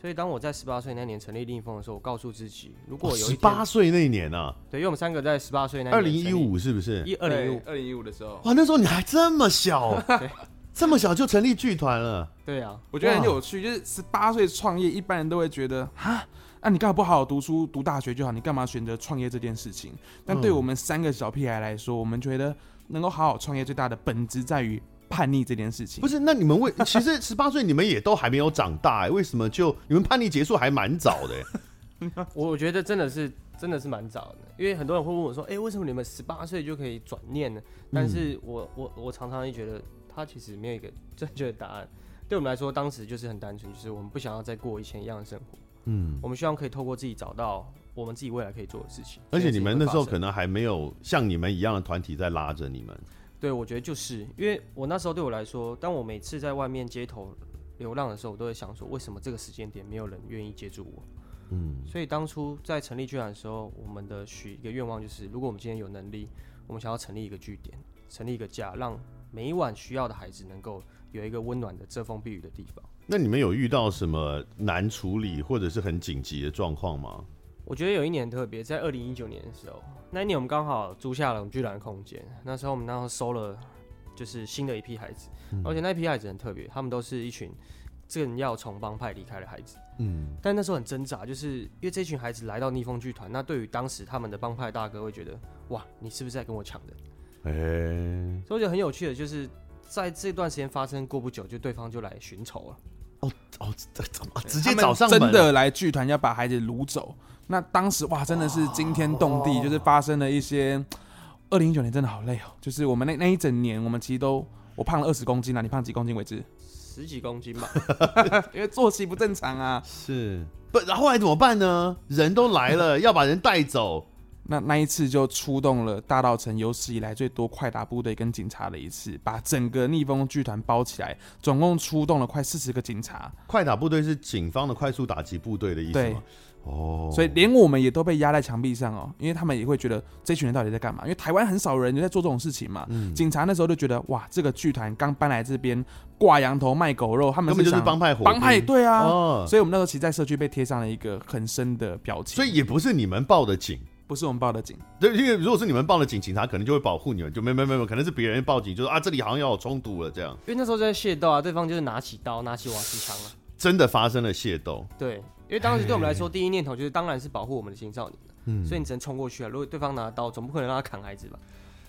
所以當我在十八歲那年成立逆風的時候，我告訴自己，如果有十八歲那一年呢、啊？對，因為我們三個在十八歲那二零一五是不是？一二零一五二零一五的時候，哇，那時候你還這麼小， 對 這麼小就成立劇團了。對啊，我覺得很有趣，哇就是十八歲創業，一般人都會覺得啊，那你幹嘛不好好讀書，讀大學就好？你幹嘛選擇創業這件事情？但對我們三個小屁孩來說，我們覺得能夠好好創業最大的本質在於。叛逆這件事情不是，那你們為其實十八歲你們也都還沒有長大哎、欸， 為什麼就你們叛逆結束還蠻早的、欸？ 我覺得真的是真的是蠻早的，因為很多人會問我說：“哎、欸，為什麼你們十八歲就可以轉念呢？”但是我、嗯、我我常常覺得他其實沒有一個正確的答案。對我們來說，當時就是很單純，就是我們不想要再過以前一樣的生活。嗯，我們希望可以透過自己找到我們自己未來可以做的事情。而且你們那時候可能還沒有像你們一樣的團體在拉着你們。對，我覺得就是因為我那時候對我來說，當我每次在外面街頭流浪的時候，我都會想說，為什麼這個時間點沒有人願意接住我？嗯，所以當初在成立據點的時候，我們的許一個願望就是，如果我們今天有能力，我們想要成立一個據點，成立一個家，讓每一晚需要的孩子能夠有一個溫暖的遮風避雨的地方。那你們有遇到什麼難處理或者是很緊急的狀況嗎？我覺得有一年很特別，在二零一九年的時候，那一年我們剛好租下了我們巨然空間。那時候我們當時收了，就是新的一批孩子，嗯、而且那一批孩子很特別，他們都是一群正要從幫派離開的孩子。嗯，但那時候很掙扎，就是因為這群孩子來到逆風劇團，那對於當時他們的幫派大哥會覺得，哇，你是不是在跟我搶人？哎、欸，所以我覺得很有趣的，就是在這段時間發生過不久，就對方就來尋仇了。哦哦怎麼，直接找上門真的來劇團要把孩子擄走。那當時哇，真的是驚天動地，哇就是發生了一些。二零一九年真的好累哦、喔，就是我們那那一整年，我們其實都我胖了二十公斤了、啊，你胖幾公斤為止？十幾公斤吧， 因為作息不正常啊。是不？然後來怎麼辦呢？人都來了， 要把人帶走。那那一次就出動了大稻埕有史以來最多快打部隊跟警察的一次，把整個逆風劇團包起來，總共出動了快四十個警察。快打部隊是警方的快速打擊部隊的意思嗎？對哦，oh, 所以連我們也都被壓在牆壁上哦、喔，因為他們也會覺得這群人到底在幹嘛？因為台灣很少人就在做這種事情嘛。嗯、警察那時候就覺得，哇，這個劇團剛搬來這邊，掛羊頭賣狗肉，他們根本就是幫派活幫派，對啊。Oh. 所以，我們那時候其實在社區被貼上了一個很深的標籤。所以也不是你們報的警，不是我們報的警。對，因為如果是你們報的警，警察可能就會保護你們，就沒有沒有沒沒，可能是別人報警，就說啊，這裡好像要有衝突了這樣。因為那時候在械鬥啊，對方就是拿起刀，拿起瓦斯槍啊， 真的發生了械鬥。對。因為當時對我們來說，嗯、第一念頭就是當然是保護我們的青少年了，嗯，所以你只能衝過去啊！如果對方拿刀，總不可能讓他砍孩子吧？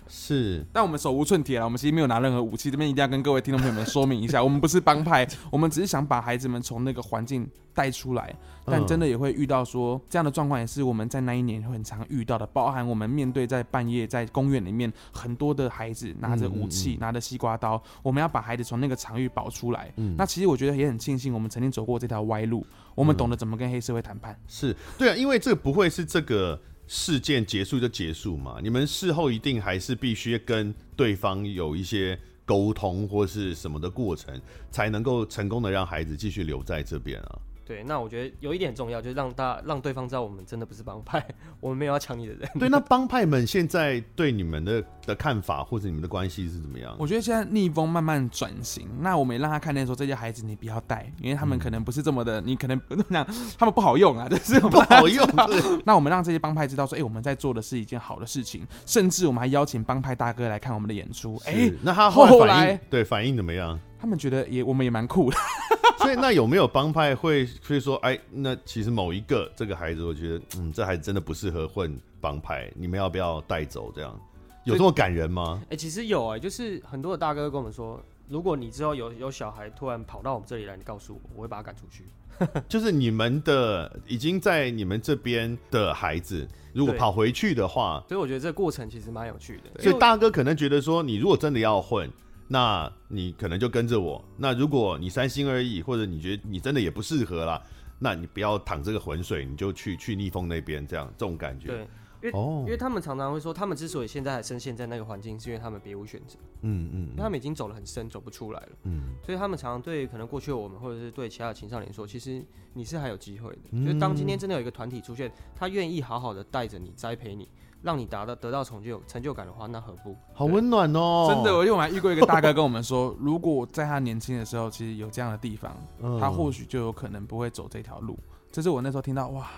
是，但我們手無寸鐵了我們其實沒有拿任何武器，這邊一定要跟各位聽眾朋友們說明一下， 對我們不是幫派，我們只是想把孩子們從那個環境帶出來，但真的也會遇到說這樣的狀況，也是我們在那一年很常遇到的，包含我們面對在半夜在公園裡面很多的孩子拿着武器，嗯、拿着西瓜刀，我們要把孩子從那個場域保出來，嗯、那其實我覺得也很慶幸，我們曾經走過這條歪路，我們懂得怎麼跟黑社會談判，嗯、是對啊，因為這個不會是這個。事件結束就結束嘛？你們事後一定還是必須跟對方有一些溝通或是什麼的過程，才能夠成功的讓孩子繼續留在這邊啊。對，那我覺得有一點很重要，就是讓大讓對方知道我們真的不是幫派，我們沒有要搶你的人。對，那幫派們現在對你們的的看法或者你們的關係是怎麼樣？我覺得現在逆風慢慢轉型，那我們也讓他看見說，這些孩子你不要帶，因為他們可能不是這麼的，嗯、你可能那他們不好用啊，就是我們不好用。是，那我們讓這些幫派知道說，哎、欸，我們在做的是一件好的事情，甚至我們還邀請幫派大哥來看我們的演出。哎，那他後來反，後來，對，反應怎麼樣？他們覺得也我們也蠻酷的。 所以那有沒有幫派會會說，哎，那其實某一個這個孩子，我覺得，嗯，這孩子真的不適合混幫派，你們要不要帶走？這樣有這麼感人嗎？哎、欸，其實有哎、欸，就是很多的大哥跟我們說，如果你之後有有小孩突然跑到我們這裡來，你告訴我，我會把他趕出去。 就是你們的已經在你們這邊的孩子，如果跑回去的話，所以我覺得這個過程其實蠻有趣的。所以大哥可能覺得說，你如果真的要混。那你可能就跟着我。那如果你三心二意，或者你覺得你真的也不適合啦，那你不要淌這個渾水，你就去去逆風那邊，這樣這種感覺。對，因為、哦、因為他們常常會說，他們之所以現在還深陷、陷在那個環境，是因為他們別無選擇。嗯、嗯嗯。因為他們已經走了很深，走不出來了。嗯。所以他們常常對可能過去的我們，或者是對其他的青少年說，其實你是還有機會的。嗯、就是當今天真的有一個團體出現，他願意好好的帶着你栽培你。讓你達到得到成就成就感的話，那何不？好溫暖哦？真的，我另外遇過一個大哥跟我們說， 如果在他年輕的時候，其實有這樣的地方，嗯、他或許就有可能不會走這條路。這是我那時候聽到，哇，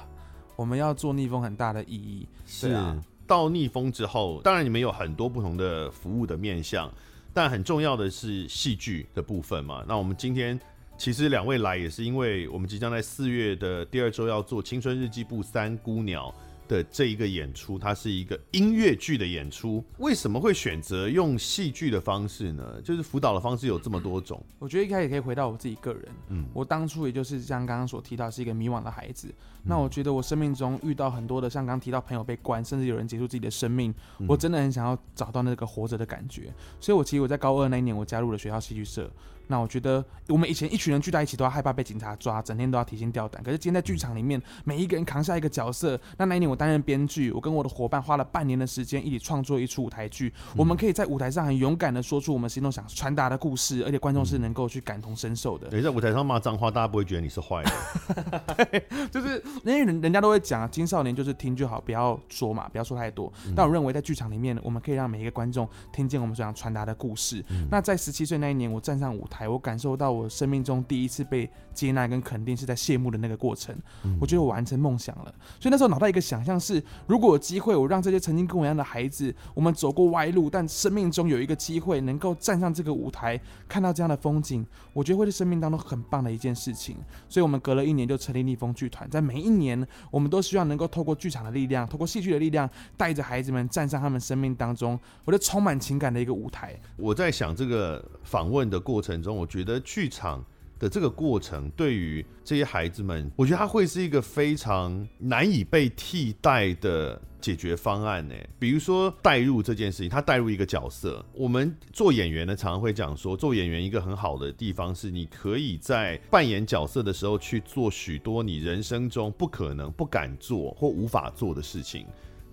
我們要做逆風很大的意義是啊，到逆風之後，當然你們有很多不同的服務的面向，但很重要的是戲劇的部分嘛。那我們今天其實兩位來也是因為我們即將在四月的第二周要做《青春日記簿》三孤鳥的這一個演出，它是一個音樂劇的演出，為什麼會選擇用戲劇的方式呢？就是輔導的方式有這麼多種，我覺得一開始可以回到我自己個人，嗯，我當初也就是像剛剛所提到，是一個迷惘的孩子。嗯，那我覺得我生命中遇到很多的，像剛剛提到朋友被關，甚至有人結束自己的生命，我真的很想要找到那個活着的感覺。所以，我其實我在高二那一年，我加入了學校戲劇社。那我覺得我們以前一群人聚在一起都要害怕被警察抓，整天都要提心吊膽。可是今天在劇場裡面，嗯、每一個人扛下一個角色。那那一年我擔任編劇，我跟我的夥伴花了半年的時間一起創作一出舞台劇。嗯、我們可以在舞台上很勇敢的說出我們心中想傳達的故事，而且觀眾是能夠去感同身受的。等於、嗯欸、在舞台上罵髒話，大家不會覺得你是壞的。 就是因為人人家都會講，青少年就是聽就好，不要說嘛，不要說太多。嗯、但我認為在劇場裡面，我們可以讓每一個觀眾聽見我們所想傳達的故事。嗯、那在十七歲那一年，我站上舞台。我感受到，我生命中第一次被接納跟肯定是在謝幕的那個過程，我覺得我完成夢想了。嗯。所以那時候腦袋一個想象是，如果有機會，我讓這些曾經跟我一樣的孩子，我們走過歪路，但生命中有一個機會能夠站上這個舞台，看到這樣的風景，我覺得會是生命當中很棒的一件事情。所以我們隔了一年就成立逆風劇團，在每一年，我們都希望能夠透過劇場的力量，透過戲劇的力量，帶着孩子們站上他們生命當中，我就充滿情感的一個舞台。我在想這個訪問的過程中，我覺得劇場。的這個過程，對於這些孩子們，我覺得他會是一個非常難以被替代的解決方案呢。比如說代入這件事情，他代入一個角色。我們做演員呢，常常會講說，做演員一個很好的地方是，你可以在扮演角色的時候去做許多你人生中不可能、不敢做或無法做的事情，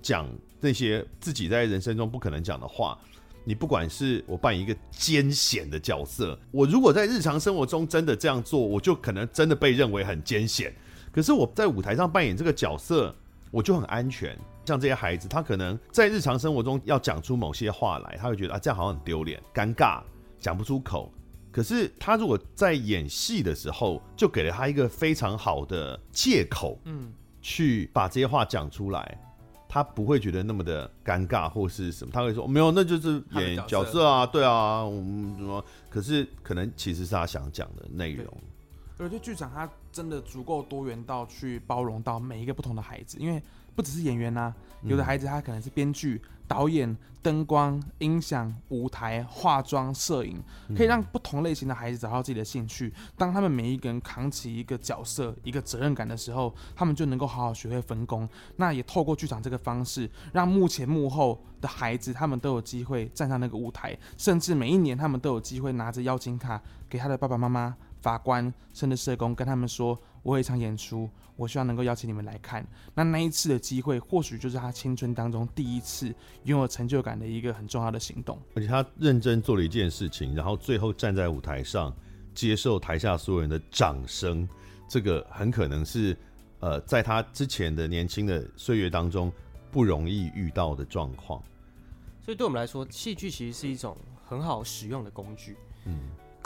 講那些自己在人生中不可能講的話。你不管是我扮演一個奸險的角色，我如果在日常生活中真的這樣做，我就可能真的被認為很奸險。可是我在舞台上扮演這個角色，我就很安全。像這些孩子，他可能在日常生活中要講出某些話來，他會覺得啊，這樣好像很丟臉、尷尬，講不出口。可是他如果在演戲的時候，就給了他一個非常好的借口，嗯，去把這些話講出來。他不會覺得那麼的尷尬或是什麼，他會說沒有，那就是演角色啊，對啊，我們什麼？可是可能其實是他想講的內容。而且劇場它真的足夠多元到去包容到每一個不同的孩子，因為不只是演員啊，有的孩子他可能是編劇。嗯導演、燈光、音響、舞台、化妝、攝影，可以讓不同類型的孩子找到自己的興趣。當他們每一個人扛起一個角色、一個責任感的時候，他們就能夠好好學會分工。那也透過劇場這個方式，讓幕前幕後的孩子，他們都有機會站上那個舞台，甚至每一年他們都有機會拿着邀請卡給他的爸爸媽媽。法官，甚至社工跟他們說：“我有一場演出，我希望能夠邀請你們來看。”那那一次的機會，或許就是他青春當中第一次擁有成就感的一個很重要的行動。而且他認真做了一件事情，然後最後站在舞台上接受台下所有人的掌聲，這個很可能是，呃，在他之前的年輕的歲月當中不容易遇到的狀況。所以，對我們來說，戲劇其實是一種很好使用的工具。嗯。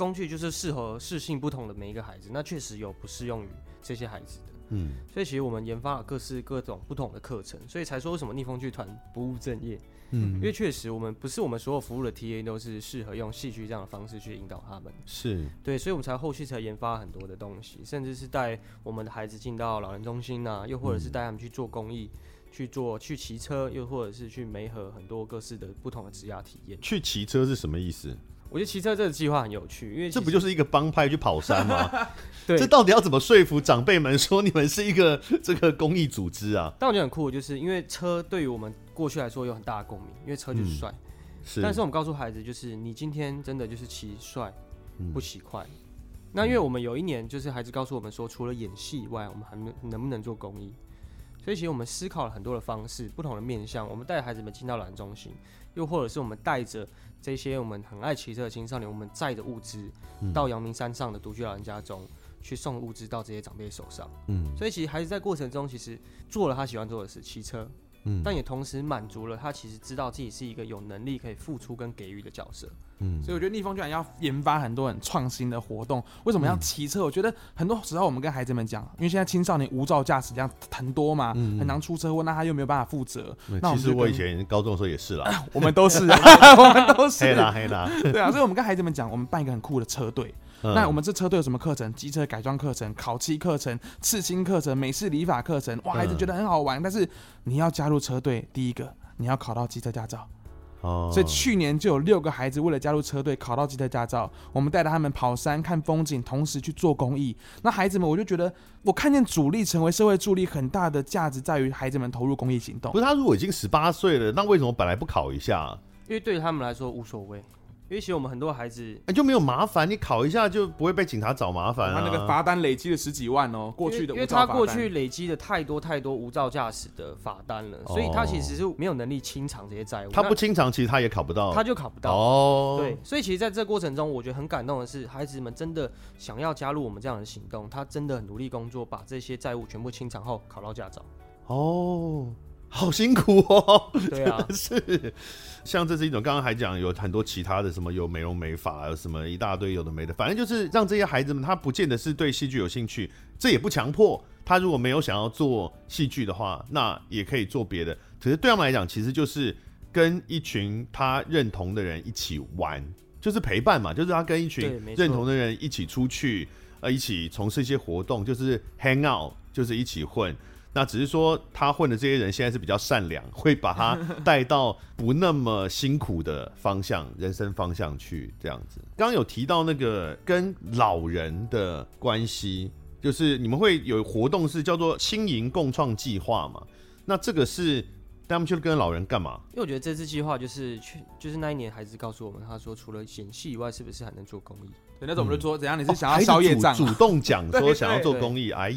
工具就是適合適性不同的每一個孩子，那確實有不適用於這些孩子的，嗯，所以其實我們研發了各式各種不同的課程，所以才說，為什麼逆風劇團不務正業，嗯，因為確實我們不是我們所有服務的 TA 都是適合用戲劇這樣的方式去引導他們，是，對，所以我們才後續才研發了很多的東西，甚至是帶我們的孩子進到老人中心吶、啊，又或者是帶他們去做公益、嗯，去做去騎車，又或者是去媒合很多各式的不同的職業體驗。去騎車是什麼意思？我覺得騎車這個計劃很有趣，因為這不就是一個幫派去跑山嗎？ 對，這到底要怎麼說服長輩們說你們是一個這個公益組織啊？但我覺得很酷，就是因為車對於我們過去來說有很大的共鳴，因為車就是帥。嗯、是，但是我們告訴孩子，就是你今天真的就是騎帥，嗯、不騎快。那因為我們有一年，就是孩子告訴我們說，除了演戲以外，我們還能不能做公益？所以其實我們思考了很多的方式，不同的面向，我們帶着孩子們進到藍中心。又或者是我們帶着這些我們很愛騎車的青少年，我們載著物資到陽明山上的獨居老人家中去送物資到這些長輩手上。嗯，所以其實孩子在過程中其實做了他喜歡做的事，騎車。嗯，但也同時滿足了他其實知道自己是一個有能力可以付出跟給予的角色。嗯，所以我覺得逆風居然要研發很多很創新的活動，為什麼要騎車？我覺得很多時候我們跟孩子們講，因為現在青少年無照駕駛這樣很多嘛，很難出車禍，那他又沒有辦法負責。那其實我以前高中的時候也是啦，我們都是，我們都是。黑啦黑啦，對啊，所以我們跟孩子們講，我們辦一個很酷的車隊。那我們這車隊有什麼課程？機車改裝課程、烤漆課程、刺青課程、美式理髮課程，哇，孩子覺得很好玩。但是你要加入車隊，第一個你要考到機車駕照。哦、所以去年就有六個孩子為了加入車隊考到機車駕照，我們帶着他們跑山看風景，同時去做公益。那孩子們，我就覺得我看見主力成為社會助力很大的價值在於孩子們投入公益行動。不是他如果已經十八歲了，那為什麼本來不考一下？因為對他們來說無所謂。因為其實我們很多孩子哎、欸、就沒有麻煩，你考一下就不會被警察找麻煩，啊、他那個罰單累積了十幾萬哦，過去的。因為，因為他過去累積了太多太多無照駕駛的罰單了，哦、所以他其實是沒有能力清償這些債務。他不清償，其實他也考不到。他就考不到哦。對，所以其實在這過程中，我覺得很感動的是，孩子們真的想要加入我們這樣的行動，他真的很努力工作，把這些債務全部清償後考到駕照。哦。好辛苦哦、喔，真的是。像這是一種，剛剛還講有很多其他的，什麼有美容美髮，什麼一大堆有的沒的，反正就是讓這些孩子們，他不見得是對戲劇有興趣，這也不強迫他。如果沒有想要做戲劇的話，那也可以做別的。可是對他們來講，其實就是跟一群他認同的人一起玩，就是陪伴嘛，就是他跟一群認同的人一起出去，呃，一起從事一些活動，就是 hang out，就是一起混。那只是說他混的這些人現在是比較善良，會把他帶到不那麼辛苦的方向， 人生方向去這樣子。剛剛有提到那個跟老人的關係，就是你們會有活動是叫做“青銀共創計劃”嘛？那這個是他們去跟老人幹嘛？因為我覺得這次計劃就是去，就是那一年孩子告訴我們，他說除了演戲以外，是不是還能做公益？等那種我們就說、嗯、怎樣？你是想要商業賬、啊哦？主動講說想要做公益？對對對對哎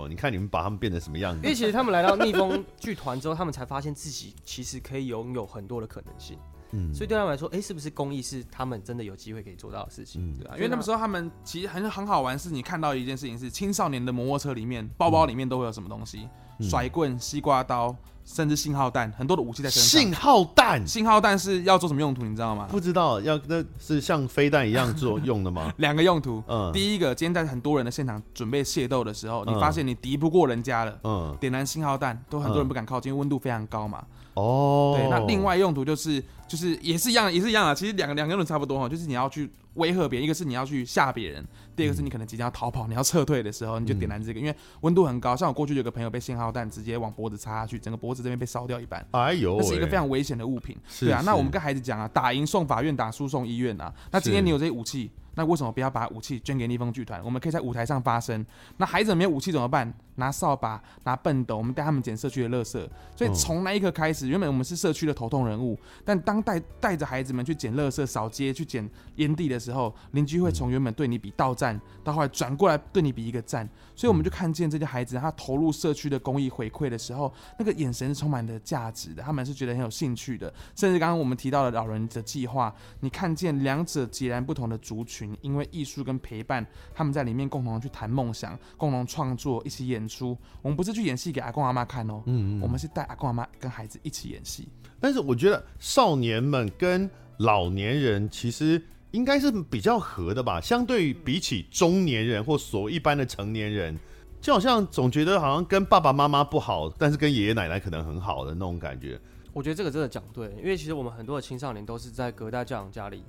呦，你看你們把他們變成什麼樣子？因為其實他們來到逆風劇團之後， 他們才發現自己其實可以擁有很多的可能性。嗯，所以對他們來說，誒、欸，是不是公益是他們真的有機會可以做到的事情？嗯、對啊，因為那個時候他們，他們其實很很好玩，是你看到一件事情是青少年的摩托車裡面包包裡面都會有什麼東西。嗯甩棍、西瓜刀，甚至信號彈，很多的武器在身上。信號彈，信號彈是要做什麼用途？你知道嗎？不知道，要那是像飛彈一樣作用的嗎？兩 個用途，嗯，第一個今天在很多人的現場準備械鬥的時候，嗯、你發現你敵不過人家了，嗯，點燃信號彈，都很多人不敢靠近，因為溫、嗯、度非常高嘛。哦，對，那另外用途就是就是也是一樣也是一樣啊，其實兩個兩個用途差不多哈，就是你要去威嚇別人，一個是你要去嚇別人。嗯、第一個是你可能即將要逃跑，你要撤退的時候，你就點燃這個，嗯、因為溫度很高。像我過去有個朋友被信號彈直接往脖子插下去，整個脖子這邊被燒掉一半。哎呦、欸，這是一個非常危險的物品。是是，對啊，那我們跟孩子講啊，打贏送法院，打輸送醫院啊。那今天你有這些武器，是那為什麼不要把武器捐給逆風劇團？我們可以在舞台上發聲。那孩子有沒有武器怎麼辦？拿掃把、拿畚斗，我們帶他們撿社區的垃圾，所以從那一刻開始，原本我們是社區的頭痛人物，但當帶帶着孩子們去撿垃圾、掃街、去撿煙蒂的時候，鄰居會從原本對你比倒讚，到後來轉過來對你比一個讚。所以我們就看見這些孩子，他投入社區的公益回饋的時候，那個眼神是充滿着價值的，他們是覺得很有興趣的。甚至剛剛我們提到的老人的計劃，你看見兩者截然不同的族群，因為藝術跟陪伴，他們在裡面共同去談夢想、共同創作、一起演。出，我們不是去演戲給阿公阿媽看哦、喔，嗯，嗯，嗯，我們是帶阿公阿媽跟孩子一起演戲。但是我覺得少年們跟老年人其實應該是比較合的吧，相對比起中年人或所謂一般的成年人，就好像總覺得好像跟爸爸媽媽不好，但是跟爺爺奶奶可能很好的那種感覺。我覺得這個真的講對，因為其實我們很多的青少年都是在隔代教養家裡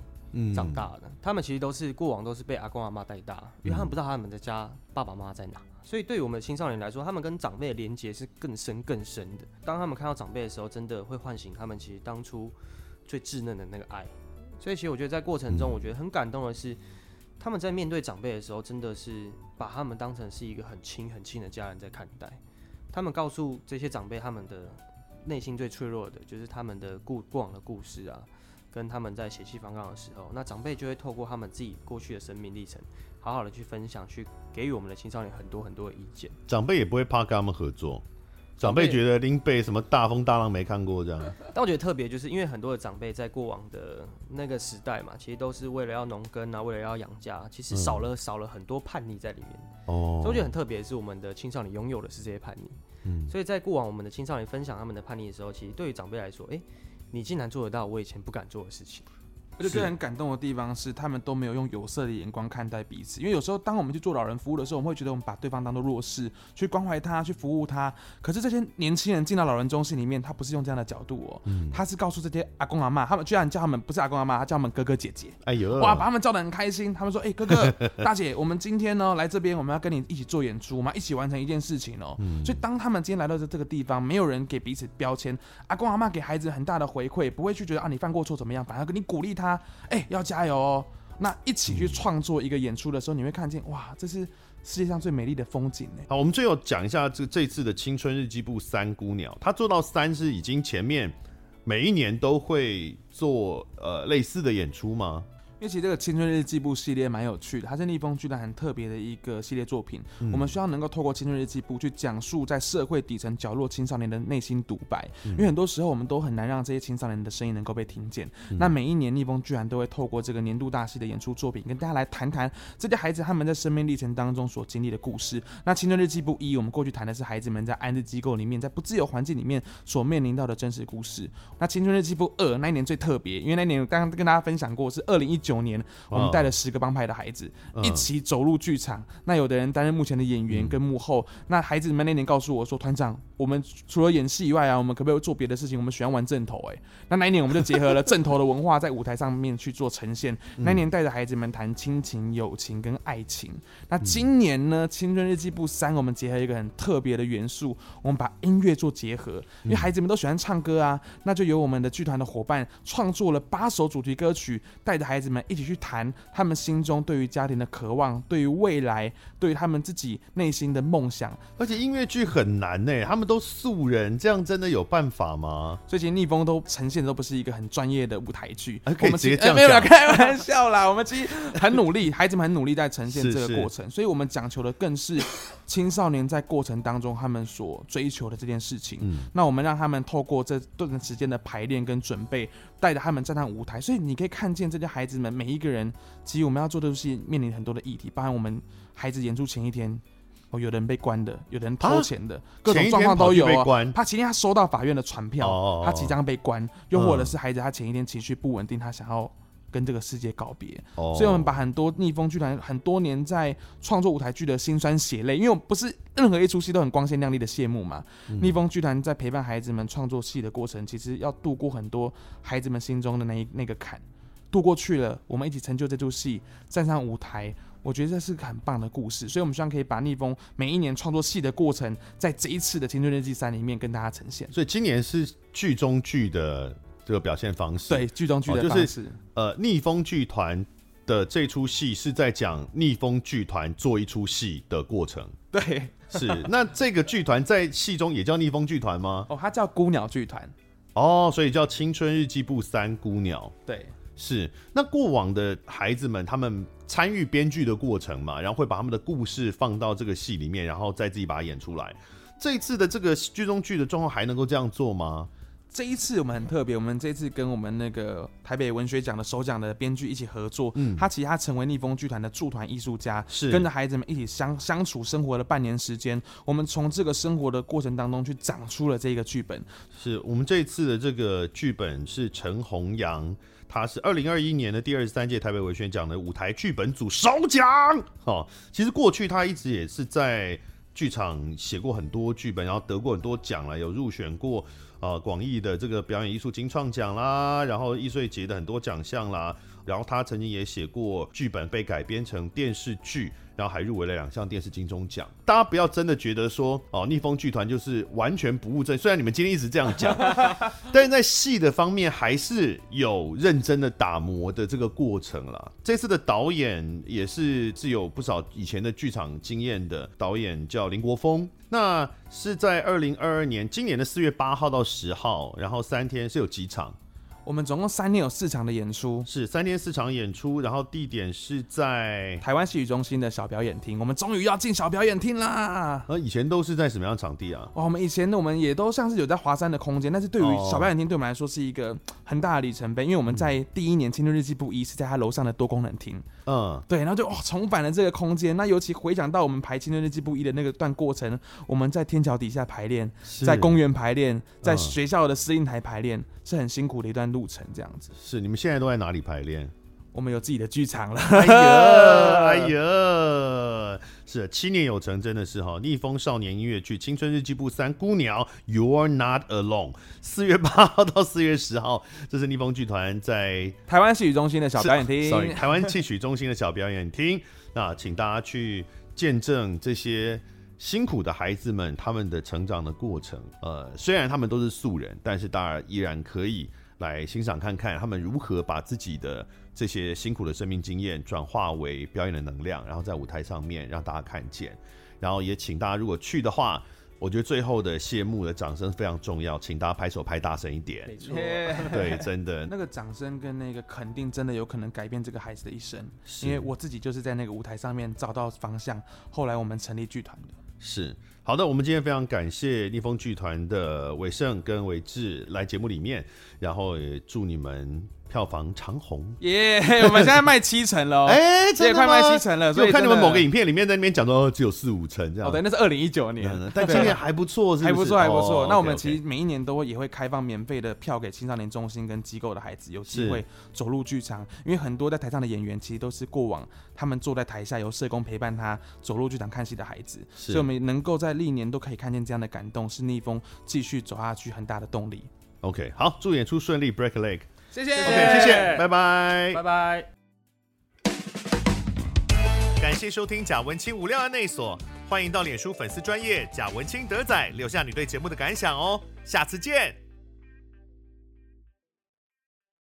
長大的他們其實都是過往都是被阿公阿嬤帶大，因為他們不知道他們的家爸爸媽媽在哪，所以對於我們青少年來說，他們跟長輩的連接是更深更深的。當他們看到長輩的時候，真的會喚醒他們其實當初最稚嫩的那個愛。所以其實我覺得在過程中，我覺得很感動的是，嗯、他們在面對長輩的時候，真的是把他們當成是一個很親很親的家人在看待。他們告訴這些長輩他們的內心最脆弱的，就是他們的故過往的故事啊。跟他們在血氣方剛的時候，那長輩就會透過他們自己過去的生命歷程，好好的去分享，去給予我們的青少年很多很多的意見。長輩也不會怕跟他們合作，長輩覺得林貝什麼大風大浪沒看過這樣。但我覺得特別就是因為很多的長輩在過往的那個時代嘛，其實都是為了要農耕啊，為了要養家，其實少了、嗯、少了很多叛逆在裡面。哦，所以我覺得很特別是我們的青少年擁有的是這些叛逆。嗯，所以在過往我們的青少年分享他們的叛逆的時候，其實對於長輩來說，哎、欸。你竟然做得到我以前不敢做的事情。我覺得最很感動的地方是，是他們都沒有用有色的眼光看待彼此。因為有時候，當我們去做老人服務的時候，我們會覺得我們把對方當做弱勢去關懷他，去服務他。可是這些年輕人進到老人中心裡面，他不是用這樣的角度哦、喔，嗯、他是告訴這些阿公阿嬤，他們居然叫他們不是阿公阿嬤，他叫我們哥哥姐姐。哎呦，哇，把他們叫得很開心。他們說：“哎、欸，哥哥 大姐，我們今天呢來這邊，我們要跟你一起做演出，我們要一起完成一件事情哦、喔。嗯”所以當他們今天來到這這個地方，沒有人給彼此標籤。阿公阿嬤給孩子很大的回饋，不會去覺得啊你犯過錯怎麼樣，反而給你鼓勵他。哎、欸，要加油哦、喔！那一起去創作一個演出的時候，嗯、你會看見哇，這是世界上最美麗的風景呢、欸。好，我們最後講一下這這次的《青春日記簿》三孤鳥，她做到三，是已經前面每一年都會做呃類似的演出嗎？因為其實這個《青春日記簿》系列蠻有趣的，它是逆風劇團很特別的一個系列作品。嗯、我們希望能夠透過《青春日記簿》去講述在社會底層角落青少年的內心獨白，嗯、因為很多時候我們都很難讓這些青少年的聲音能夠被聽見。嗯、那每一年逆風劇團都會透過這個年度大戲的演出作品，跟大家來談談這些孩子他們在生命歷程當中所經歷的故事。那《青春日記簿》一，我們過去談的是孩子們在安置機構裡面，在不自由環境裡面所面臨到的真實故事。那《青春日記簿》二，那一年最特別，因為那一年我剛剛跟大家分享過是二零一九。九年，嗯、我們帶了十個幫派的孩子一起走入劇場。那有的人擔任幕前的演員跟幕後。嗯、那孩子們那年告訴我說：“團、嗯、長，我們除了演戲以外啊，我們可不可以做別的事情？我們喜歡玩陣頭。”哎，那那一年我們就結合了陣頭的文化，在舞台上面去做呈現。嗯、那一年帶着孩子們談親情、嗯、友情跟愛情。那今年呢，嗯，《青春日記簿三》，我們結合一個很特別的元素，我們把音樂做結合，因為孩子們都喜歡唱歌啊。那就由我們的劇團的夥伴創作了八首主題歌曲，帶着孩子們。一起去談他們心中對於家庭的渴望、對於未來、對於他們自己內心的夢想。而且音樂劇很難呢、欸，他們都素人，這樣真的有辦法嗎？最近逆風都呈現的都不是一個很專業的舞台劇，okay, 我們其直接這樣講、欸、沒有開玩笑啦， 我們其實很努力， 孩子們很努力在呈現這個過程。是是，所以我們講求的更是青少年在過程當中他們所追求的這件事情。嗯、那我們讓他們透過這段時間的排練跟準備，帶着他們站在舞台，所以你可以看見這些孩子們每一個人，其實我們要做的就是面臨很多的議題，包含我們孩子演出前一天，哦，有人被關的，有人偷錢的，啊、各種狀況都有啊。前他前一天他收到法院的傳票，哦、他即將被關，又或者是孩子他前一天情緒不穩定，嗯、他想要。跟這個世界告別，oh. 所以，我們把很多逆風劇團很多年在創作舞台劇的辛酸血淚，因為我不是任何一出戲都很光鮮亮麗的謝幕嘛。嗯、逆風劇團在陪伴孩子們創作戲的過程，其實要度過很多孩子們心中的那一那個坎，度過去了，我們一起成就這出戲，站上舞台，我覺得這是個很棒的故事。所以，我們希望可以把逆風每一年創作戲的過程，在這一次的青春日記三裡面跟大家呈現。所以，今年是劇中劇的，這個表現方式對，劇中劇的方式。哦，就是、呃，逆風劇團的這出戲是在講逆風劇團做一出戲的過程。對，是。那這個劇團在戲中也叫逆風劇團嗎？哦，它叫孤鳥劇團。哦，所以叫青春日記簿三孤鳥。對，是。那過往的孩子們，他們參與編劇的過程嘛，然後會把他們的故事放到這個戲裡面，然後再自己把它演出來。這次的這個劇中劇的狀況，還能夠這樣做嗎？這一次我們很特別，我們這次跟我們那個台北文學獎的首獎的編劇一起合作，嗯，他其實他成為逆風劇團的駐團藝術家，是跟着孩子們一起相相處生活了半年時間，我們從這個生活的過程當中去講出了這個劇本。是我們這一次的這個劇本是陳宏揚，他是二零二一年的第二十三屆台北文學獎的舞台劇本組首獎。哦，其實過去他一直也是在劇場寫過很多劇本，然後得過很多獎了，有入選過。啊，廣義的這個表演藝術金創獎啦，然後藝穗節的很多獎項啦。然後他曾經也寫過劇本，被改編成電視劇，然後還入圍了兩項電視金鐘獎。大家不要真的覺得說哦，逆風劇團就是完全不務正，雖然你們今天一直這樣講， 但是在戲的方面還是有認真的打磨的這個過程啦。這次的導演也是是有不少以前的劇場經驗的導演，叫林國峰。那是在二零二二年，今年的四月八號到十號，然後三天是有幾場？我們總共三天有四場的演出，是三天四場演出，然後地點是在台灣戲劇中心的小表演廳。我們終於要進小表演廳啦！那、呃、以前都是在什麼樣的場地啊？哇、哦，我們以前我們也都像是有在華山的空間，但是對於小表演廳對我們來說是一個很大的里程碑，因為我們在第一年青春日記簿一是在他樓上的多功能廳。嗯，對，然後就哦，重返了這個空間。那尤其回想到我們排青春日記簿一的那個段過程，我們在天橋底下排練，在公園排練，在學校的司令台排練，是，嗯、是很辛苦的一段路程。這樣子。是你們現在都在哪裡排練？我們有自己的劇場了，哎呀， 哎呀，是七年有成，真的是候，逆風少年音樂劇《青春日記簿三：孤鳥》，You're Not Alone，四月八號到四月十號，這是逆風劇團在台灣戲曲中心的小表演廳，是 Sorry, 台灣戲曲中心的小表演廳， 那請大家去見證這些辛苦的孩子們他們的成長的過程。呃，雖然他們都是素人，但是大家依然可以來欣賞看看他們如何把自己的。這些辛苦的生命經驗轉化為表演的能量，然後在舞台上面讓大家看見，然後也請大家如果去的話，我覺得最後的謝幕的掌聲非常重要，請大家拍手拍大聲一點，沒錯錯，對，真的那個掌聲跟那個肯定真的有可能改變這個孩子的一生，是因為我自己就是在那個舞台上面找到方向，後來我們成立劇團的。是好的，我們今天非常感謝逆風劇團的瑋盛跟韋志來節目裡面，然後也祝你們。票房長紅，耶！我們現在賣七成了，哎、 欸，也快賣七成了。所以我看你們某個影片裡面在那邊講說只有四五成這樣。好的、哦，那是二零一九年、嗯，但今年還不錯是不是？還不錯，還不錯。那我們其實每一年都會也會開放免費的票給青少年中心跟機構的孩子，有機會走入劇場，是因為很多在台上的演員其實都是過往他們坐在台下由社工陪伴他走入劇場看戲的孩子，是所以我們能夠在歷年都可以看見這樣的感動，是逆風繼續走下去很大的動力。OK，好，祝演出順利，Break a leg。謝謝，謝，謝，OK，謝謝，拜拜，拜拜。拜拜 感謝收聽賈文青無料案內所，歡迎到臉書粉絲專業賈文青德仔留下你對節目的感想哦，下次見。